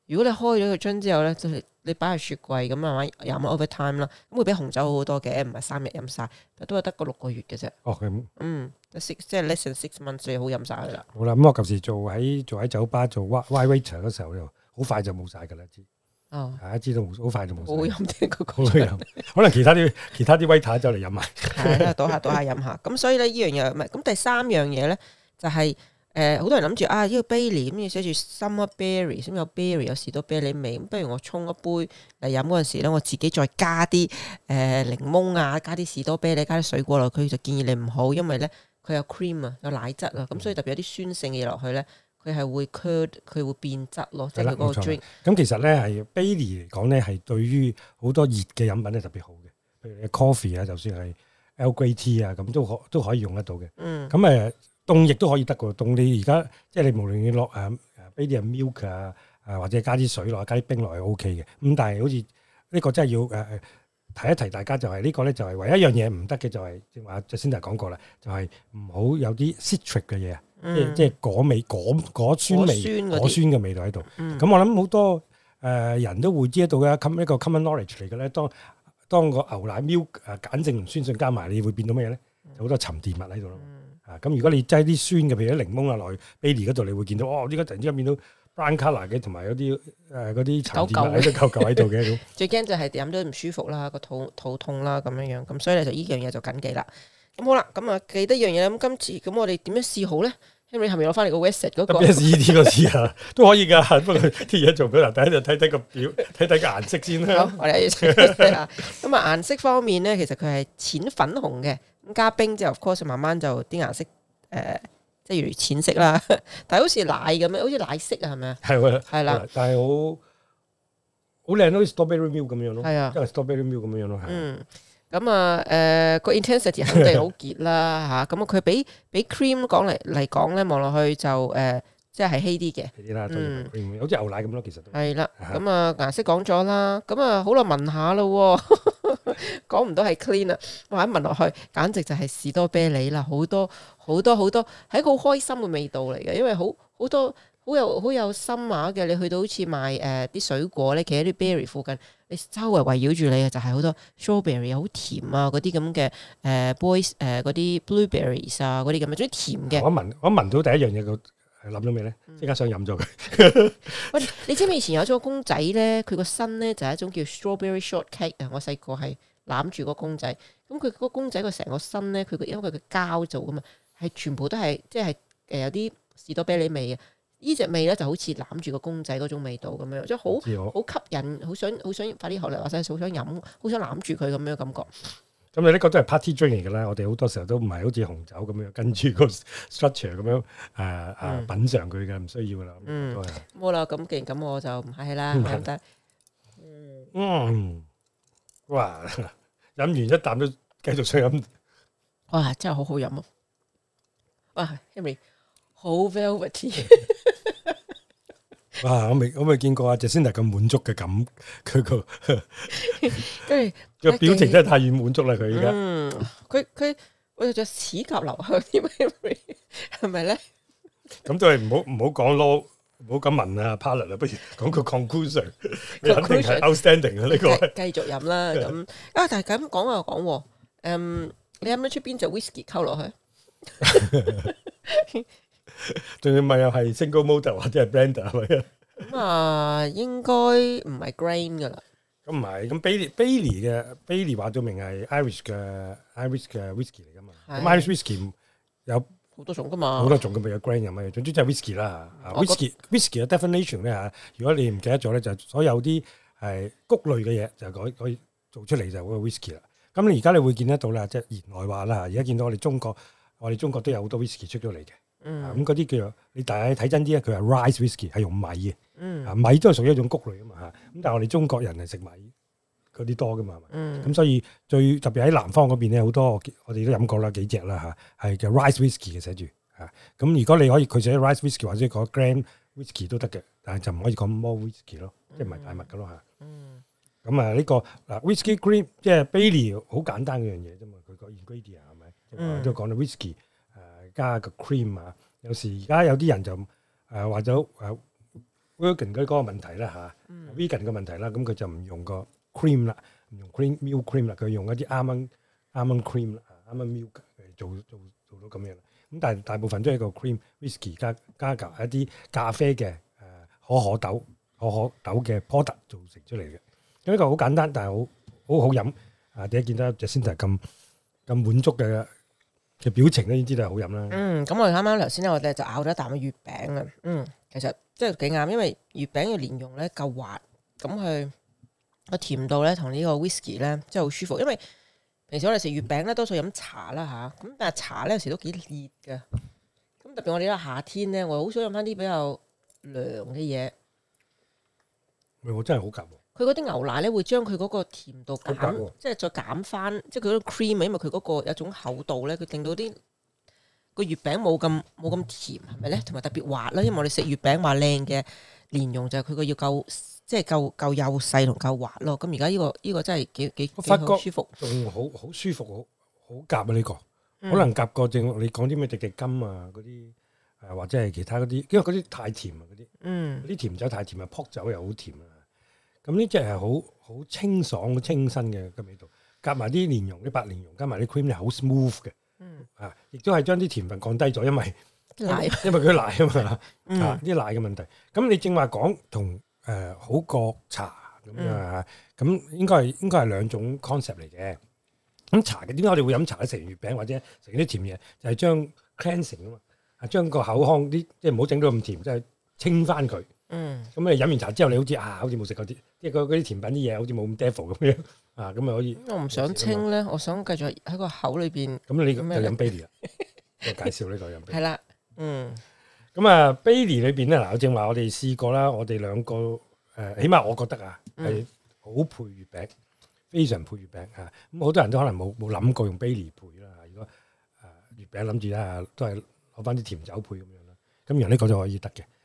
如果你開咗個樽之後咧，就你擺喺雪櫃咁啊，飲 over time 啦，咁會比紅酒好好多嘅，唔係三日飲晒，都係得個六個月嘅啫。哦，咁嗯即係 less than six months，你好飲晒佢啦。好啦，咁我舊時做喺做喺酒吧做 wait waiter 嗰時候，又好快就冇晒嘅啦，知哦，大家知道好快就冇。好飲啲嗰個。可能其他啲其他啲 waiter 就嚟飲埋。係啊，倒下倒下飲下。咁所以呢，呢樣嘢唔係咁第三樣嘢咧。就係、是、誒，好、呃、多人都諗住啊，呢個 Baileys 咁要寫住 Summer Berry，咁有 berry 有士多啤梨味，咁不如我沖一杯嚟飲嗰陣時咧，我自己再加啲誒、呃、檸檬啊，加啲士多啤梨，加啲水果落去，佢就建議你唔好，因為咧佢有 cream 啊，有奶質啊，咁、嗯、所以特別有啲酸性嘢落去咧，佢係會 curd，佢會變質咯。係 drink 了。咁 dr 其實咧係 Baileys 嚟講咧，係對於好多熱嘅飲品咧特別好嘅，譬如 coffee 啊，就算係 Earl Grey tea 啊，咁都可都可以用得到嘅。嗯，咁誒、嗯。凍亦都可以得噶，凍你而家即係你無論你落誒誒，俾啲阿 milk 啊，誒、啊啊啊、或者加啲水落，加啲冰落係 O K 嘅。咁但係好似呢個真係要誒、啊、提一提大家，就係、是、呢個咧就係、是、唯一一樣嘢唔得嘅，就係正話頭先就係講過啦，就係唔好有啲 citric 嘅嘢啊，即係即係果味、果果、果酸味、果酸嘅味道喺度。咁、嗯、我諗好多誒人都會知得到嘅一個 common knowledge 嚟嘅咧。當當個牛奶 milk 誒簡正唔酸性加埋，你會變到咩咧？就好多沉澱物喺度咯。嗯咁、啊、如果你擠啲酸嘅，譬如啲檸檬啊，落去 Baileys 嗰度， 你會見到哦，呢、這個突然之間變到 brown colour 嘅，同埋有啲誒嗰啲沉澱物喺度，舊舊喺度嘅。夠夠 最驚就係飲咗唔舒服啦，個肚肚痛啦咁樣樣，咁所以咧就依樣嘢就緊記啦。咁、嗯、好啦，咁、嗯、啊記得一樣嘢啦。咁今次咁我哋點樣試好咧？係咪係咪攞翻嚟個 WSET 嗰個？WSET 嗰啲啊都可以噶，不過啲嘢做表啦，第一就睇睇個表，睇睇個顏色先啦。 好，我哋啊。咁啊顏色方面咧，其實佢係淺粉紅嘅。 加冰之後，of course，慢慢就啲顏色，誒，即係越淺色啦。但係好似奶咁樣，好似奶色啊，係咪啊？係啦，係啦，但係好好靚咯，strawberry milk 咁樣咯，係啊，即係 strawberry milk 咁樣咯，係。嗯，咁啊，誒，個 intensity 肯定好結啦，吓。咁啊，佢比比 cream 講嚟嚟講咧，望落去就誒，即係稀啲嘅。係啦，嗯，好似牛奶咁咯，其實。係啦，咁啊，顏色講咗啦，咁啊，好啦，聞下啦。講唔到係 clean 啊！我 一聞落去，簡直就係士多啤梨啦，好多好多好多，係一個好開心嘅味道嚟嘅。因為好好多好有好有心話嘅，你去到好似賣誒啲水果咧，企喺啲 berry 附近，你周圍圍繞住你嘅就係、是、好多 strawberry 好甜啊，嗰啲咁嘅誒 boys 誒、呃、嗰啲 blueberries 啊，嗰啲咁啊，最甜嘅。我聞我聞到第一樣嘢諗到未咧？即刻想飲咗佢。喂， 你知唔知以前有咗個公仔咧？佢個身咧就係一種叫 strawberry shortcake 啊！我細個係攬住個公仔，咁佢個公仔個成個身咧，佢因為佢嘅膠做噶嘛，係全部都係即係誒有啲士多啤梨味啊！呢隻味咧就好似攬住個公仔嗰種味道咁樣，即係好好吸引，好想好想快啲學嚟或者好想飲，好想攬住佢咁樣嘅感覺。咁你呢個都係 party drink 嚟㗎啦，我哋好多時候都唔係好似紅酒咁樣跟住個 structure 咁樣誒誒品嚐佢嘅，唔需要啦。嗯，都係冇啦。咁既然咁，我就唔客氣啦，唔得。嗯嗯，哇！飲完一啖都繼續想飲。哇！真係好好飲啊！哇，Henry，好 velvety。哇！我未我未見過阿 Jacinda 咁滿足嘅感，佢個跟住個表情真係太易滿足啦！佢而家，佢佢我哋着齒頰留香啲 memory 係咪咧？咁都係唔好唔好講囉，唔好咁問啊 palate 啊，不如講個 conclusion，conclusion outstanding 啦呢個。繼、嗯、續飲啦，咁啊，但係咁講又講，嗯，你飲咗出邊就 whisky 溝落去。 仲要咪又係 single malt 或者係 blender 係咪啊、嗯？咁啊， 應該唔係 grain 噶啦。咁唔係，咁 Bailey 嘅 Bailey 話咗明係 Irish 嘅 Irish 嘅 whisky 嚟噶嘛？咁是 Irish whisky 有好多種噶嘛？好多種噶咪有 grain 有乜嘢，總之就 whisky 啦。whisky whisky 嘅 definition 咧吓，如果你唔記得咗咧，就是、所有啲係穀類嘅嘢就可以可以做出嚟就嗰個 whisky 啦。咁你而家你會見得到啦，即、就、係、是、言外話啦。而家見到我哋中國，我哋中國都有好多 whisky 出咗嚟嘅。嗯，咁嗰啲叫做你，大家睇真啲咧，佢係 rice whisky 係用米嘅，嗯，啊米都係屬於一種穀類啊嘛吓，咁但係我哋中國人係食米嗰啲多噶嘛，嗯，咁所以最特別喺南方嗰邊咧，好多我哋都飲過啦，幾隻啦吓，係叫 rice whisky 嘅寫住，吓咁如果你可以佢寫 rice whisky 或者講 grain whisky 都得嘅，但係就唔可以講 more whisky 咯，即係唔係大麥噶咯吓，嗯，咁啊呢個嗱 whisky cream 即係 Baileys 好簡單嘅樣嘢啫嘛，佢個 ingredient 係咪，都講到 whisky。加個 cream 啊！有時而家有啲人就誒或者誒 vegan 嗰嗰個問題啦嚇，vegan 嘅問題啦，咁佢就唔用個 cream 啦，唔用 cream milk cream 啦，佢用一啲 almond almondcream 啦，almondmilk 嚟做做做到咁樣啦。咁但係大部分都係個 cream whisky 加加夾一啲咖啡嘅誒可可豆可可豆嘅 product 做成出嚟嘅。咁呢個好簡單，但係好好好飲啊！第一見到 Jacinda 咁咁滿足嘅嘅表情咧，已經知道係好飲啦。嗯，咁我哋啱啱頭先咧，我哋就咬咗一啖嘅月餅啊。嗯，其實即係幾啱，因為月餅嘅蓮蓉咧夠滑，咁佢個甜度咧同呢個 whisky 咧，真係好舒服。因為平時我哋食月餅咧，多數飲茶啦吓。咁但係茶咧有時都幾熱㗎。咁特別我哋呢個夏天咧，我好想飲翻啲比較涼嘅嘢。喂、欸，我真係好夾。佢嗰啲牛奶咧，會將佢嗰個甜度減，即係再減翻，即係佢嗰個 cream 因為佢嗰個有種厚度咧，佢令到啲個月餅冇咁冇咁甜係咪咧？同埋特別滑啦，因為我哋食月餅話靚嘅蓮蓉就係佢、就係佢個要夠，即係夠夠幼細同夠滑咯。咁而家呢個呢個真係幾幾，我發覺舒服仲好好舒服，好好夾啊呢個。嗯、可能夾過正你講啲咩滴滴金啊嗰啲，誒或者係其他嗰啲，因為嗰啲太甜啊嗰啲，嗯，啲甜酒太甜啊，砵酒又好甜啊。咁呢只係好好清爽、清新嘅嘅味道，加埋啲蓮蓉、啲白蓮蓉，加埋啲 cream 咧，好 smooth 嘅。嗯。啊，亦都係將啲甜分降低咗，因為奶，因為佢奶嘛、嗯、啊嘛、呃嗯啊。嗯。啊，啲奶嘅問題。咁你正話講同誒好覺茶咁樣啊，咁應該係應該係兩種 concept 嚟嘅。咁茶嘅點解我哋會飲茶咧？食完月餅或者食完啲甜嘢，就係、是、將 cleansing 啊嘛，啊將個口腔啲即係唔好整到咁甜，即係清翻佢，嗯，咁你飲完茶之後，你好似啊，好似冇食過啲即係嗰啲甜品啲嘢，好似冇咁 devil 咁樣啊，咁啊可以。我唔想清咧，咁樣，我想繼續喺個口裏邊。咁、嗯、你又飲 Baileys 啊？又介紹呢個飲。係啦，嗯，咁啊，Baileys 裏邊咧嗱，正話我哋試過啦，我哋兩個誒，起碼我覺得啊，係、嗯、好配月餅，非常配月餅啊！咁好多人都可能冇冇諗過用 Baileys 配啦。如果誒月餅諗住咧，都係攞翻啲甜酒配咁樣啦。咁樣呢個就可以得嘅。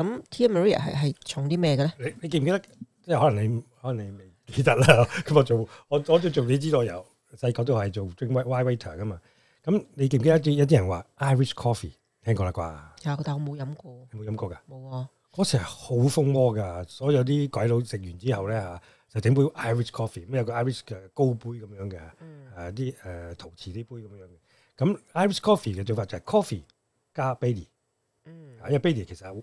咁 Tia Maria 係係重啲咩嘅咧？你你記唔記得？即係可能你可能你未記得啦。咁我做我我做做你知道有細個都係做 drink waiter 噶嘛。咁你記唔記得？有啲人話 Irish Coffee 聽過啦啩。有，但係我冇飲過。冇飲過㗎。冇啊！嗰時係好風魔㗎，所有啲鬼佬食完之後咧，就整杯 Irish Coffee，咁有個 Irish 嘅高杯咁樣嘅，誒啲誒陶瓷啲杯咁樣嘅。咁 Irish Coffee 嘅做法就係 coffee 加 Baileys，嗯，因為 Baileys 其實，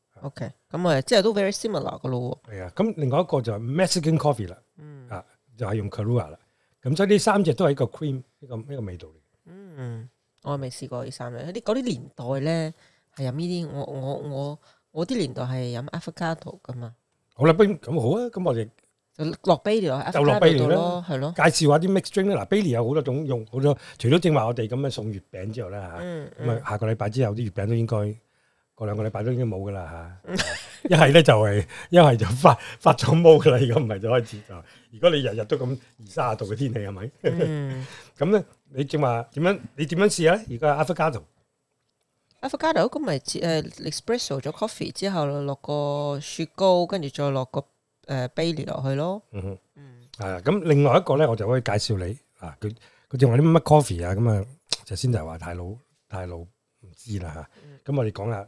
OK，咁、嗯、啊，即係都 very similar 噶咯喎。係啊、嗯，咁另外一個就 Mexican coffee 啦，嗯、啊，就係、是、用 Carua 啦。咁、嗯、所以呢三隻都係一個 cream，呢個一個味道嚟。嗯，我未試過呢三隻，啲嗰啲年代咧係飲呢啲，我我我我啲年代係飲 Avocado 噶嘛。好啦，咁咁好啊，咁我哋就落 Baileys，就落 Baileys 咯，係咯了。介紹下啲 mixed drink 咧，嗱，Baileys 有好多種用，好多，除咗正話我哋咁樣送月餅之後咧吓，咁啊、嗯嗯嗯、下個禮拜之後啲月餅都應該。.我兩個禮拜都已經冇噶啦吓，一係咧就係一係就發發咗毛噶啦，如果唔係就開始啊。如果你日日都咁二三十度嘅天氣係咪？咁咧你正話點樣？你點樣試啊？而家阿夫加都，阿夫加都咁咪接誒 espresso 咗 coffee 之後落個雪糕，跟住再落個誒 berry 落去咯。嗯嗯，係啊。咁另外一個咧，我就可以介紹你啊。佢佢正話啲乜 coffee 啊？咁啊就先就話太老太老唔知啦吓。咁我哋講下。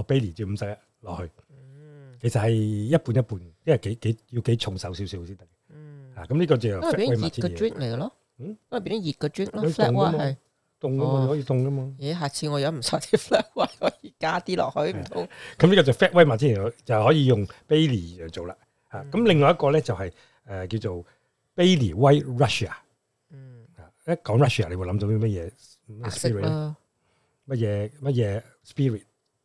個 Bailey 接五十一落去，其實係一半一半，因為幾幾要幾重手少少先得。嗯，啊咁呢個就 flat white martini 嘅 drink 嚟咯。嗯，因為變咗熱個 drink 咯，flat white 係凍啊嘛，可以凍啊嘛。咦，下次我飲唔曬啲 flat white，可以加啲落去唔同。咁呢個就 flat white martini 嘢就可以用 Bailey 嚟做啦。啊，咁另外一個咧就係誒叫做 Bailey White Russia。嗯，啊一講 Russia 你會諗到啲乜嘢 spirit？乜嘢乜嘢 spirit？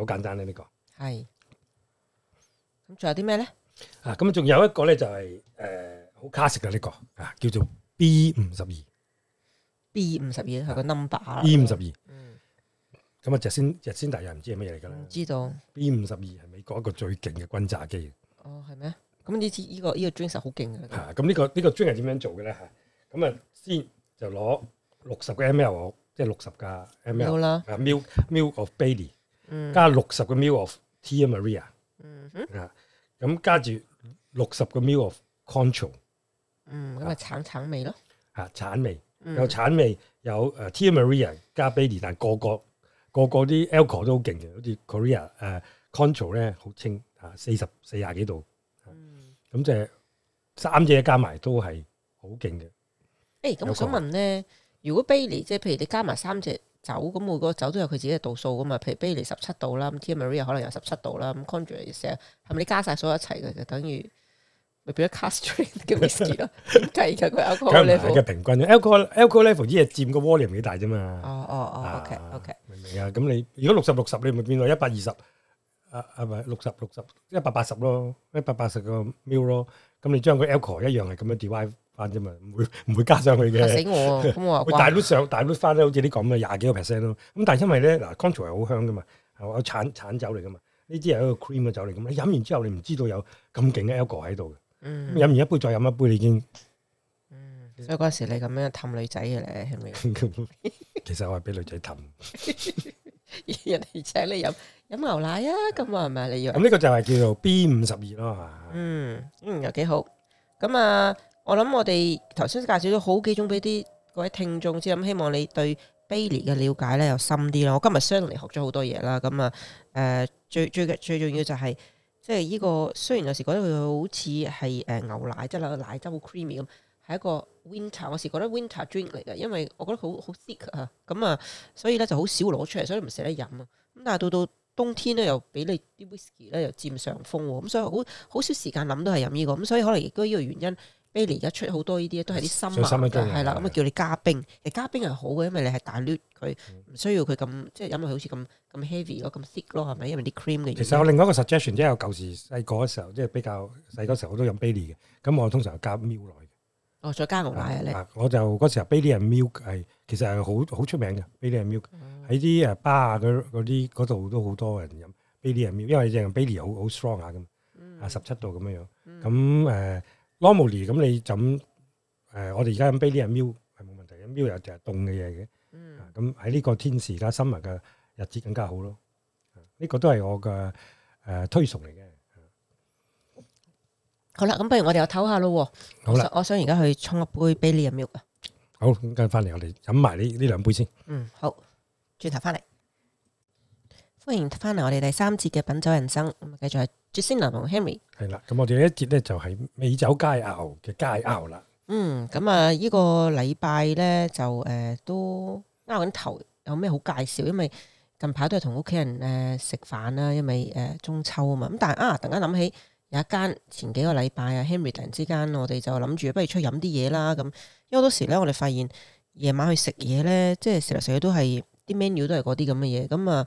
好簡單咧，呢個係咁，仲有啲咩咧？啊，咁啊，仲有一個咧，就係誒好卡士噶呢個啊，叫做 B 五十二，B 五十二係個 number，B 五十二，嗯，咁啊，隻先隻先，大家唔知係咩嚟噶啦？唔知道 B 五十二係美國一個最勁嘅轟炸機。哦，係咩？咁呢支呢個呢個專實好勁噶啦。係咁，呢個呢個專係點樣做嘅咧？吓咁啊，先就攞六十個 m l，即係六十架 m l 啊，milk milk of Baileys。加六十個 mill of Tia Maria，啊，咁加住六十個 mill of control，嗯，咁咪，橙橙味咯，啊，橙味，有橙味，有誒 Tia Maria 加 Baileys，但個個個個啲 alcohol 都好勁嘅，好似 Korea 誒 control 咧好清，啊，四十四廿幾度，嗯，咁即係三隻加埋都係好勁嘅。誒，咁我想問咧，如果 Baileys 即係譬如你加埋三隻？酒咁每個酒都有佢自己嘅度數噶嘛，譬如 Baileys 十七度啦，咁 Tia Maria 可能有十七度啦，咁 Conrad 嘅時候，係咪你加晒所有一齊嘅就等於咪變咗 Castrian 嘅 whisky 咯？計佢個 alcohol level 嘅平均咯，alcohol alcohol level 只係佔個 volume 幾大啫嘛、哦。哦哦哦，OK OK、啊。明明啊，咁你如果六十六十你咪變到一百二十，啊啊唔係六十六十一百八十咯，一百八十個 mill 咯，咁你將佢 alcohol 一樣係咁樣 divide。啫嘛，唔會唔會加上去嘅。嚇死我，咁我話。大粒上大粒翻好似啲講嘅廿幾個 percent 咯。咁但係因為咧，嗱，Cointreau 係好香噶嘛，係嘛，橙橙酒嚟噶嘛，呢支係一個 cream 嘅酒嚟噶嘛。你飲完之後，你唔知道有咁勁嘅 alcohol 喺度嘅。飲完一杯再飲一杯，你已經。嗯。所以嗰時你咁樣氹女仔嘅咧，係咪？其實我係俾女仔氹。人哋請你飲飲牛奶啊，咁啊咪，你要。咁呢個就係叫做 B 五十二咯，係嗯嗯，又幾好。咁啊。我諗我哋頭先介紹咗好幾種俾啲各位聽眾，即係咁，希望你對 Baileys 嘅了解咧又深啲咯。我今日 Sunday 嚟學咗好多嘢啦，咁啊，誒、呃，最最最重要就係即係呢、這個，雖然有時覺得佢好似係誒牛奶，即係奶汁好 creamy 咁，係一個 winter，我時覺得 winter drink 嚟嘅，因為我覺得好好 thick 啊，咁啊，所以咧就好少攞出嚟，所以唔捨得飲啊。咁但係到到冬天咧，又俾你啲 whisky 咧又佔上風，咁所以好好少時間諗都係飲呢個，咁所以可能亦都呢個原因。Baileys 而家出好多呢啲咧，都係啲新啊，係啦，咁啊，叫你加冰。其實加冰係好嘅，因為你係 dilute 佢，唔需要佢咁即係飲佢好似咁咁 heavy 咯，咁 thick 咯，係咪？因為啲 cream 嘅。其實我另外一個 suggestion，即係我舊時細個嗰時候，即係比較細個嗰時候，我都飲 Baileys 嘅。咁我通常係加 milk 來嘅。哦，再加牛奶嘅咧。我就嗰時候 Baileys 係 milk 係，其實係好好出名嘅 Baileys milk。喺啲誒吧啊嗰嗰啲嗰度都好多人飲 Baileys milk，因為正 Baileys 好好 strong 下咁啊，十七度咁樣樣。咁誒。normally 咁你怎誒、呃？我哋而家飲杯呢個 milk 係冇問題嘅，milk 又成日凍嘅嘢嘅。嗯，咁喺呢個天時而家新聞嘅日子更加好咯。呢、啊這個都係我嘅誒、呃、推崇嚟嘅。啊、好啦，咁不如我哋又唞下咯。好啦了，我想而家去沖一杯 Baileys milk 啊。好，咁跟住翻嚟我哋飲埋呢呢兩杯先。嗯，好，轉頭翻嚟，歡迎翻嚟我哋第三節嘅品酒人生，咁啊繼續。S j s Jacinda 同 Henry，係啦，咁我哋呢一節咧就係美酒佳餚嘅佳餚啦。嗯，咁啊，呢個禮拜咧就誒、呃、都拗緊頭，有咩好介紹？因為近排都係同屋企人誒食飯啦，因為誒、呃、中秋啊嘛。咁但係啊，突然間諗起有一間前幾個禮拜啊，Henry 突然之間，我哋就諗住不如出去飲啲嘢啦。咁因為好多時咧，我哋發現夜晚去食嘢咧，即係食嚟食去都係啲 menu 都係嗰啲咁嘅嘢。咁啊。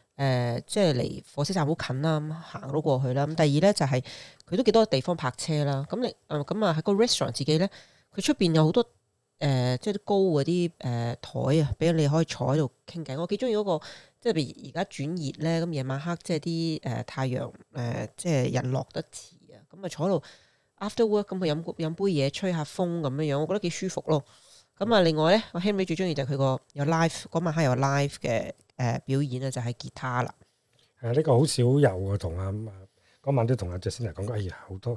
誒、呃，即係離火車站好近啦，行到過去啦。咁第二咧就係佢都幾多地方泊車啦。咁你誒咁啊喺個 restaurant 自己咧，佢出邊有好多誒、呃，即係高嗰啲誒台啊，俾、呃、你可以坐喺度傾偈。我幾中意嗰個，即係譬如而家轉熱咧，咁夜晚黑即係啲誒太陽誒、呃，即係日落得遲啊。咁啊坐喺度 afterwork 咁去飲個杯嘢，吹下風咁樣樣，我覺得幾舒服咯。咁啊，另外咧，我 Henry 最中意就係佢、嗰個、嗰個、有 live 嗰晚黑有 live 嘅。誒、呃，表演咧就係吉他啦。誒、啊，呢、這個好少有啊，同阿媽嗰晚都同阿 Jacinda 先嚟講過。哎呀，好多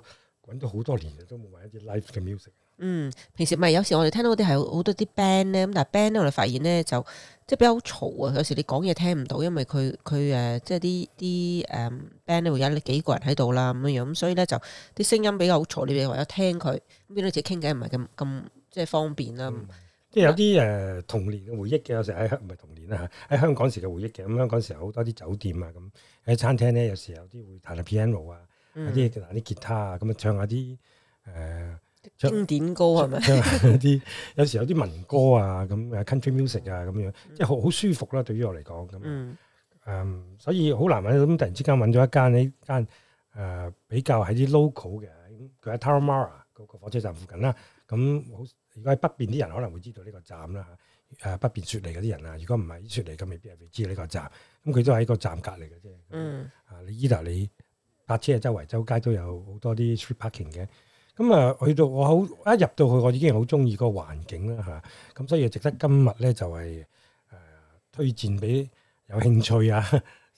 搵咗好多年都冇玩一啲 live 嘅 music。嗯，平時咪有時我哋聽到嗰啲係好多啲 band 咧，咁但係 band 咧我哋發現咧就即係比較嘈啊。有時你講嘢聽唔到，因為佢佢誒，即係啲啲誒 band 咧會有你幾個人喺度啦咁樣，咁所以咧就啲聲音比較嘈。你又唯有聽佢，咁變咗自己傾偈唔係咁咁即係方便啦。嗯即係有啲誒、呃、童年嘅回憶嘅，有時喺唔係童年啦嚇，喺香港時嘅回憶嘅。咁香港時好多啲酒店啊，咁喺餐廳咧，有時有啲會彈下 piano 啊，有啲彈啲吉他啊，咁啊唱下啲誒經典歌係咪，嗯？唱下啲、嗯、 有時有啲民歌啊，咁 country music 啊咁樣，即係好好舒服啦、啊、對於我嚟講咁。嗯，um, 所以好難揾，咁突然之間揾咗一間呢間誒、呃、比較喺啲 local 嘅，佢喺 Turramurra 個個火車站附近啦，咁好。如果喺北邊啲人可能會知道呢個站啦嚇，誒北邊雪梨嗰啲人啊，如果唔係雪梨咁，未必係會知道呢個站。咁佢都喺個站隔離嘅啫。嗯，啊，你意大利搭車周圍周街都有好多啲 street parking 嘅。咁啊去到我好一入到去，我已經好中意個環境啦嚇。咁、啊、所以值得今日咧就係、是、誒、啊、推薦俾有興趣啊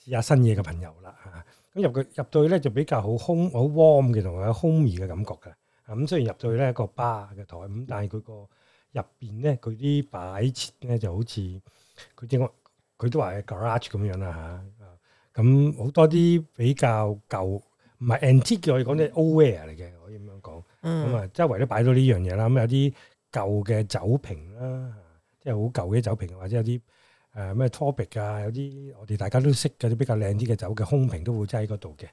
試下新嘢嘅朋友啦嚇。咁、啊、入、啊、去入到去咧就比較好 home 好 warm 嘅同埋好 homey 嘅感覺嘅。咁、嗯、雖然入到去咧個吧嘅台，咁但係佢個入邊咧，佢啲擺設咧就好似佢點講，佢都話係 garage 咁樣啦嚇。咁、啊、好、嗯嗯、多啲比較舊，唔係 antique 可以講，啲 old ware 嚟嘅，可以咁樣講。咁、嗯、啊，嗯嗯、周圍都擺到呢樣嘢啦。咁、嗯、有啲舊嘅酒瓶啦、啊，即係好舊嘅酒瓶，或者有啲誒咩、呃、topic 啊，有啲我哋大家都識嘅比較靚啲嘅酒嘅空瓶 都會擠喺嗰度嘅。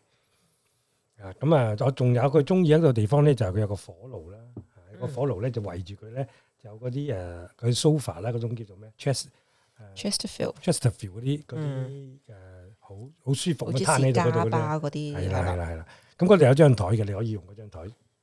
啊咁啊，我仲有佢中意一個地方咧，就係佢有個火爐啦，個火爐咧就圍住佢咧，有嗰啲誒佢 sofa 啦，嗰種叫做咩 chest，chestfield，chestfield 嗰啲嗰啲誒好好舒服嘅攤喺度都得，好似沙發嗰啲，係啦係啦係啦。咁嗰度有張台嘅，你可以用嗰張台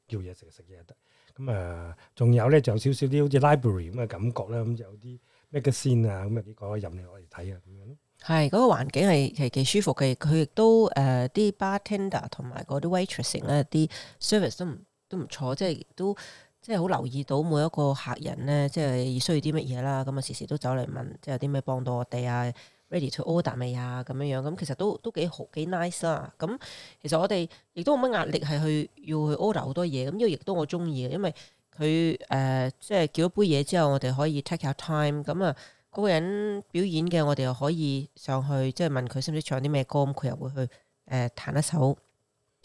叫嘢食食嘢得。咁啊，仲有咧就少少啲好似 library 咁嘅感覺啦，咁有啲咩嘅線啊，咁啊啲嗰啲任你攞嚟睇啊咁樣咯。係嗰、那個環境係係幾舒服嘅，佢亦都誒啲、呃、bartender 同埋嗰啲 waitressing 咧啲 service 都唔都唔錯，即係都即係好留意到每一個客人咧，即係需要啲乜嘢啦。咁啊時時都走嚟問，即係有啲咩幫到我哋啊？Ready to order 未啊？咁樣樣咁其實都都幾好幾 nice 啦。咁其實我哋亦都冇乜壓力係去要去 order 好多嘢，咁因為亦都我中意嘅，因為佢誒、呃、即係叫咗杯嘢之後，我哋可以 take your time 咁啊。嗰個人表演嘅，我哋又可以上去，即係問佢識唔識唱啲咩歌，咁佢又會去誒、呃、彈一首誒、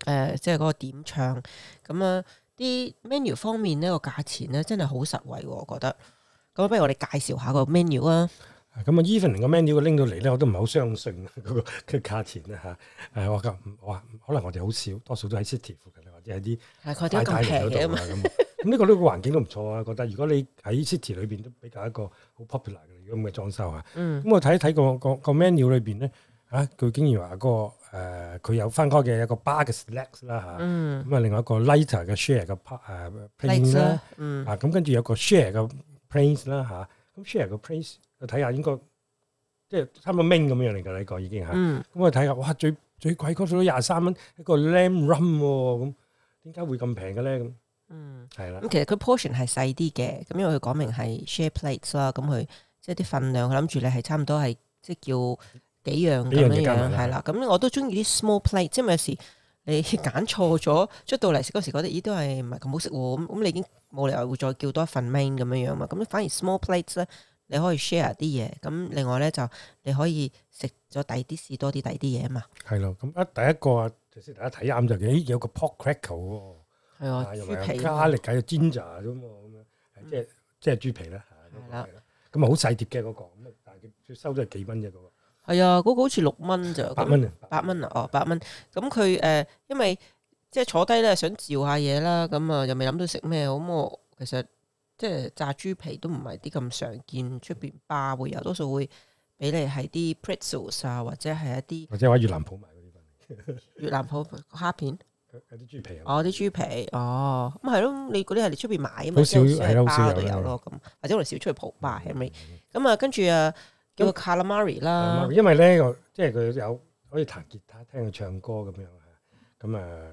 呃，即係嗰個點唱咁啊！啲、嗯、menu 方面呢個價錢咧真係好實惠，我覺得。咁不如我哋介紹下個 menu 啊。咁啊，Evening 個 menu 拎到嚟咧，我都唔係好相信嗰個佢價錢咧嚇。誒、啊，我話可能我哋好少，多數都喺 city 附近，或者喺啲大概啲嗰度啊。咁咁呢個呢個環境都唔錯啊，我覺得如果你喺 city 裏邊都比較一個好 popular 咁嘅裝修啊、哎，咁我睇一睇個個個 menu 裏邊咧，啊，佢竟然話個誒佢有分開嘅一個 bar 嘅 slabs 啦嚇，咁啊，另外一個 lighter 嘅 share 嘅 p plates 啦，啊，咁跟住有個 share 嘅 plates 啦嚇，咁 share 嘅 plates，睇下應該即係差唔多 main 咁樣嚟㗎，你講已經嚇，咁我睇下，哇，最最貴嗰套都廿三蚊，一個 lamb rum 咁，點解會咁平嘅咧咁？嗯，係啦、啊，咁其實佢 portion 係細啲嘅，咁因為佢講明係 share plates 啦，咁佢、um。即係啲份量，我諗住你係差唔多係即係叫幾樣咁樣樣，係啦。咁我都中意啲 small plate，即係有時你揀錯咗出到嚟食嗰時，覺得咦都係唔係咁好食喎。咁你已經冇理由會再叫多一份 main 咁樣樣嘛。咁反而 small plates 咧，你可以 share 啲嘢。咁另外咧就你可以食咗第啲試多啲第啲嘢啊嘛。係咯，咁一第一個,啊，頭先大家睇啱就咦有個 pork crackle 喎，係啊，豬皮加力煎炸咁咁樣，即係即係豬皮啦嚇。係啦。咁啊，好細碟嘅嗰個，咁但係佢收都係幾蚊啫嗰個。係啊，嗰個好似六蚊咋。八蚊八蚊啊！哦，八蚊。咁佢誒，因為即係坐低咧，想照下嘢啦，咁啊，又未諗到食咩，咁我其實即係炸豬皮都唔係啲咁常見，出邊吧會有多數會俾你係啲 pretzels 啊，或者係一啲或者話越南鋪賣嗰啲。 越南鋪蝦片。有啲豬皮、哦、皮，哦啲豬皮，哦咁係咯，你嗰啲係你出邊買，好、啊、少係好少都有咯咁，或者我哋少出去蒲吧，係咪吧？咁啊、嗯，嗯、跟住啊，叫個 Calamari 啦、嗯嗯嗯，因為咧，即係佢有，有可以彈吉他，聽佢唱歌咁樣、嗯、啊、咁啊、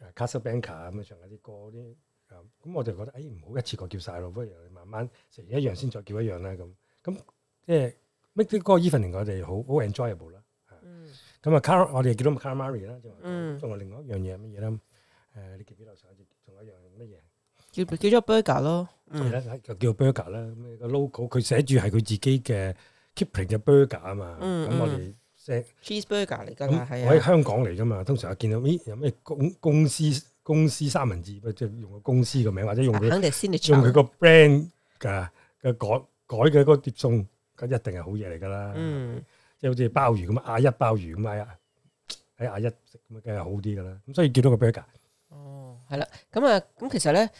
er，Casablanca 咁啊，唱下啲歌啲咁，咁我就覺得，哎，唔好一次過叫晒咯，不如慢慢食完一樣先再叫一樣啦，咁、啊、咁即係 make 啲歌 evening 我哋好好 enjoyable 啦。咁啊，Car，我哋叫咗 Carmar 啦，仲、嗯、有另外一樣嘢乜嘢咧？誒、呃，你記唔記得上？仲有一樣乜嘢？叫、嗯、叫咗 Burger 咯，嗯，就叫 Burger 啦。咩個 logo 佢寫住係佢自己嘅 Kipling 嘅 Burger 啊嘛。咁我哋食 Cheese Burger 嚟㗎嘛，喺、嗯、香港嚟㗎嘛。的通常啊，見到咦有咩公公司公司三文治，即係用個公司嘅名或者用、嗯、用佢個 brand 㗎，嘅、嗯、改改嘅嗰碟餸，咁一定係好嘢嚟㗎啦。嗯。好似鮑魚咁啊，阿一鮑魚咁啊，喺阿一食咁啊，梗係好啲噶啦。咁所以叫到個 burger。哦，係啦，咁啊，咁其實咧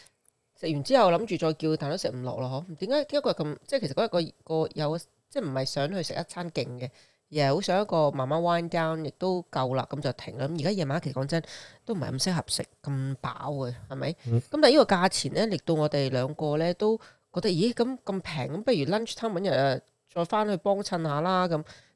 食完之後諗住再叫，但都食唔落咯嗬？點解今日咁？即係其實嗰日個個有即係唔係想去食一餐勁嘅，而係好想一個慢慢 wind down，亦都夠啦，咁就停啦。咁而家夜晚其實講真都唔係咁適合食咁飽嘅，係咪？咁、嗯、但係呢個價錢咧，令到我哋兩個咧都覺得，咦？咁咁平咁，不如 lunchtime 搵日再翻去幫襯下啦咁。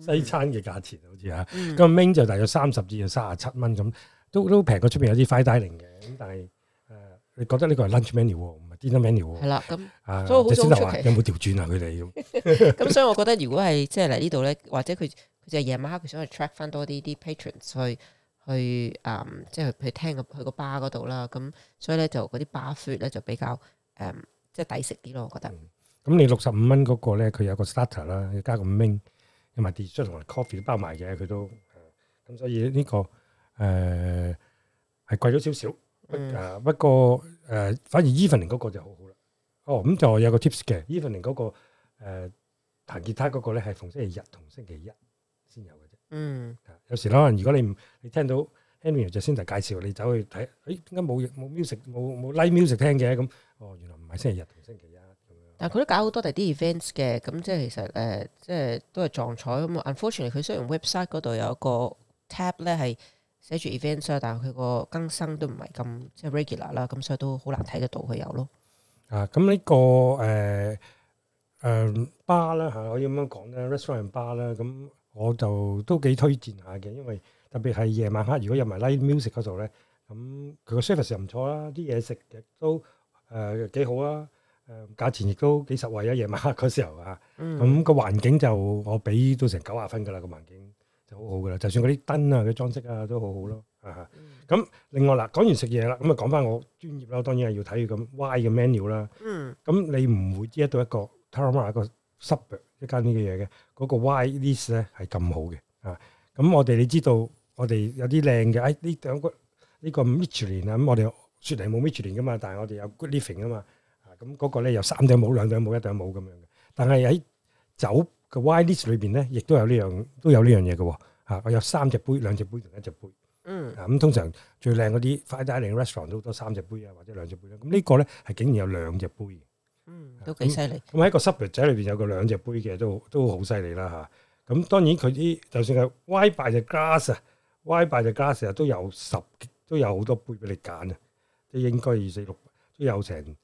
西餐嘅價錢好似嚇，咁 main 就大約三十至三十七蚊咁，都都平過出面有啲 fine dining 嘅。咁但係誒，你、呃、覺得呢個係 lunch menu 唔係 dinner menu 喎、嗯？係啦、啊，咁所以好早有冇調轉啊？佢哋咁，咁所以我覺得如果係即係嚟呢度咧，或者佢佢就夜晚黑佢想去 track 翻多啲啲 patrons 去去誒，即、嗯、係、就是、去、去、去聽去佢個 bar 嗰度啦。咁所以咧就嗰啲 bar food 咧就比較誒即係抵食啲咯。我覺得咁、嗯、你六十五蚊嗰個咧，佢有個 starter 啦，要加個 main 同埋 dessert 同埋 coffee 都包埋嘅，佢都咁所以呢個誒係貴咗少少，誒不過誒反而 evening 嗰個就好好啦。哦，咁就有個 tips 嘅，evening 嗰個誒彈吉他嗰個咧係逢星期日同星期一先有嘅啫。嗯，有時可能如果你唔你聽到 Henry、Jacinda 介紹，你走去睇，誒點解冇冇 music 冇冇 live music 聽嘅？咁哦原來唔係星期日同星期一。但佢都搞好多第啲 events 嘅，咁即係其實誒，即係都係撞彩咁啊。Unfortunately，佢雖然 website 嗰度有一個 tab 咧，係寫住 events 啊，但佢個更新都唔係咁即係 regular 啦，咁所以都好難睇得到佢有咯。啊，咁呢個誒誒 bar 嚇，可以咁樣講咧，restaurantbar 啦，咁我就都幾推薦下嘅，因為特別係夜晚黑，如果入埋 live music 嗰度咧，咁佢個 service 又唔錯啦，啲嘢食亦都誒幾好啊。誒價錢亦都幾實惠啊！夜晚黑嗰時候啊，咁個環境就我俾到成九十分噶啦，個環境就好好噶啦。就算嗰啲燈啊、嗰裝飾啊都好好咯。啊，咁另外啦，講完食嘢啦，咁啊講翻我專業啦，當然係要睇佢咁 wine 嘅 menu 啦。嗯，咁你唔會知到一個 Turramurra 一個 suburb，一間呢嘅嘢嘅嗰個 wine list 咧係咁好嘅啊。咁我哋，你知道我哋有啲靚嘅，誒呢個呢個 Michelin 啊，咁我哋雪梨冇 Michelin 噶嘛，但係我哋有 Good Living 噶嘛。咁嗰個咧有三頂帽、兩頂帽、一頂帽咁樣嘅，但係喺酒嘅 wine list 裏邊咧，亦都有呢樣，都有呢樣嘢嘅喎嚇。我有三隻杯、兩隻杯同一隻杯。嗯。啊，咁通常最靚嗰啲 fine diningrestaurant 都好多三隻杯啊，或者兩隻杯啦。咁呢個咧係竟然有兩隻杯。嗯。都幾犀利。咁喺個 suburb 仔裏邊有個兩隻杯嘅都都好犀利啦嚇。咁當然佢啲就算係 wine by the glass 啊，wine by the glass 成日都有十都有好多杯俾你揀啊，即係應該二四六都有成。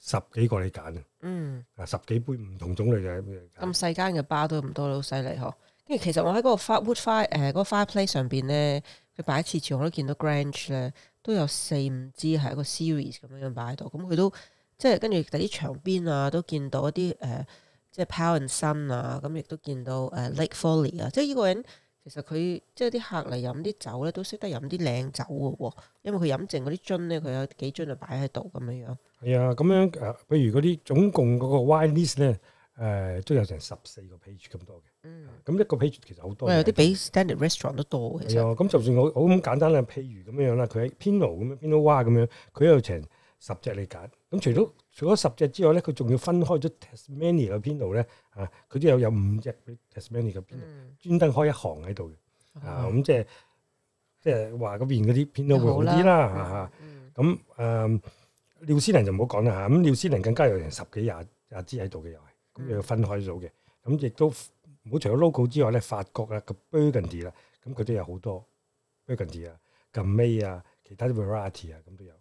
十幾個你揀啊，嗯，啊十幾杯唔同種類嘅，咁細間嘅吧都咁多啦，好犀利嗬，跟住其實我喺嗰、那個花 wood fire，、呃那個、fire 嗰個 fireplace 上邊咧，佢擺次次我都見到 Grange 咧都有四五支係一個 series 咁樣樣擺喺度，咁、嗯、佢都即係跟住喺啲牆邊啊都見到一啲誒、呃，即係 power and sun 啊，咁、嗯、亦都見到誒、呃、Lake Folly 啊，即係依個人。其實佢即係啲客嚟飲啲酒咧，都識得飲啲靚酒嘅喎，因為佢飲剩嗰啲樽咧，佢有幾樽就擺喺度咁樣樣。係啊，咁樣誒，譬如嗰啲總共嗰個 wine list 咧、呃，誒都有成十四個 page 咁多嘅。嗯，咁一個 page 其實好多。有啲比 standard restaurant 都多嘅。係啊的，咁實就算我好咁簡單啦，譬如咁樣啦，佢喺 Pinot 咁樣 Pinot 哇咁樣，佢有成十隻你揀，咁除咗除咗十隻之外咧，佢仲要分開咗 Tasmania 嘅 Pinot 咧，啊，佢都有有五隻 Tasmania 嘅 Pinot，專登開一行喺度嘅，嗯、啊，咁、嗯、即係即係話嗰邊嗰啲 Pinot 會好啲啦，嚇咁誒，Riesling 就唔好講啦嚇，咁 Riesling 更加有成十幾廿廿支喺度嘅又係，咁要分開咗嘅，咁亦都唔好除咗 logo 之外咧，法國啊，Burgundy 啦，咁佢都有好多 Burgundy 啊，Gamay 啊，其他啲 Variety 啊，咁都有。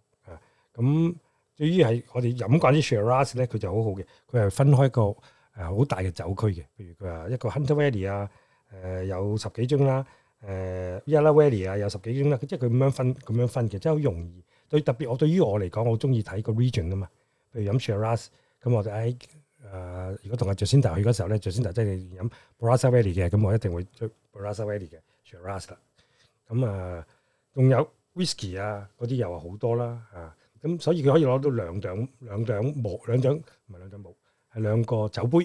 咁、嗯、至於係我哋飲慣啲 shiraz 咧，佢就好好嘅。佢係分開個誒好、呃、大嘅酒區嘅。譬如佢話一個 hunter valley 啊，誒、呃、有十幾樽啦，誒、呃、yarra valley 啊有十幾樽啦。即係佢咁樣分，咁樣分，嘅，其實好容易。對特別我對於我嚟講，我中意睇個 region 啊嘛。譬如飲 shiraz，咁我就誒，如果同阿 jacinda 去嗰時候咧，jacinda、呃、即係飲 barossa valley 嘅，咁我一定會追 barossa valley 嘅 shiraz 啦。咁、嗯嗯、啊，仲有 whisky 啊，嗰啲又係好多啦嚇。啊啊咁所以佢可以攞到兩兩兩兩帽兩兩唔係兩兩帽係兩個酒杯，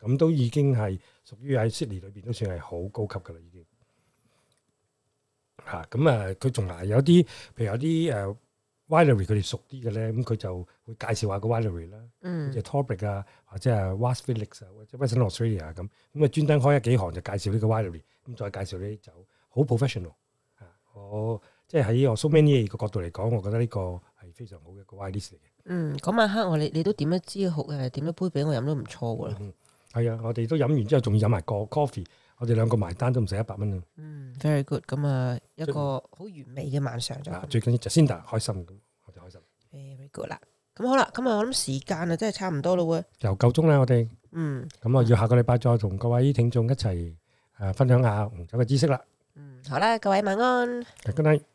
咁都已經係屬於喺 Sydney 裏邊都算係好高級噶啦已經。嚇咁啊，佢仲係有啲譬如有啲誒 Winery 佢哋熟啲嘅咧，咁佢就會介紹下個 Winery 啦，嗯，即係 Torbreck 啊，或者啊 Vasse Felix 或者 Western Australia 咁，咁啊、嗯、專登開一幾行就介紹呢個 Winery 咁再介紹呢啲酒，好 professional 啊！我即係喺我 sommelier 嘢個角度嚟講，我覺得呢、呢個。非常好嘅一個 idea 嚟嘅。嗯，嗰晚黑我哋，你都點一支好誒，點一杯俾我飲都唔錯嘅啦。嗯，係啊，我哋都飲完之後，仲要飲埋個 coffee，我哋兩個埋單都唔使一百蚊啊。嗯，very good，咁啊一個好完美嘅晚上就。嗯、最緊要就先得開心咁，我就開心。誒、yeah，very good 啦。咁好啦，咁啊，我諗時間啊，真係差唔多咯喎。又夠鐘啦，我哋。嗯。咁我要下個禮拜再同各位聽眾一齊誒分享下紅酒嘅知識啦。嗯，好啦，各位晚安。Good night.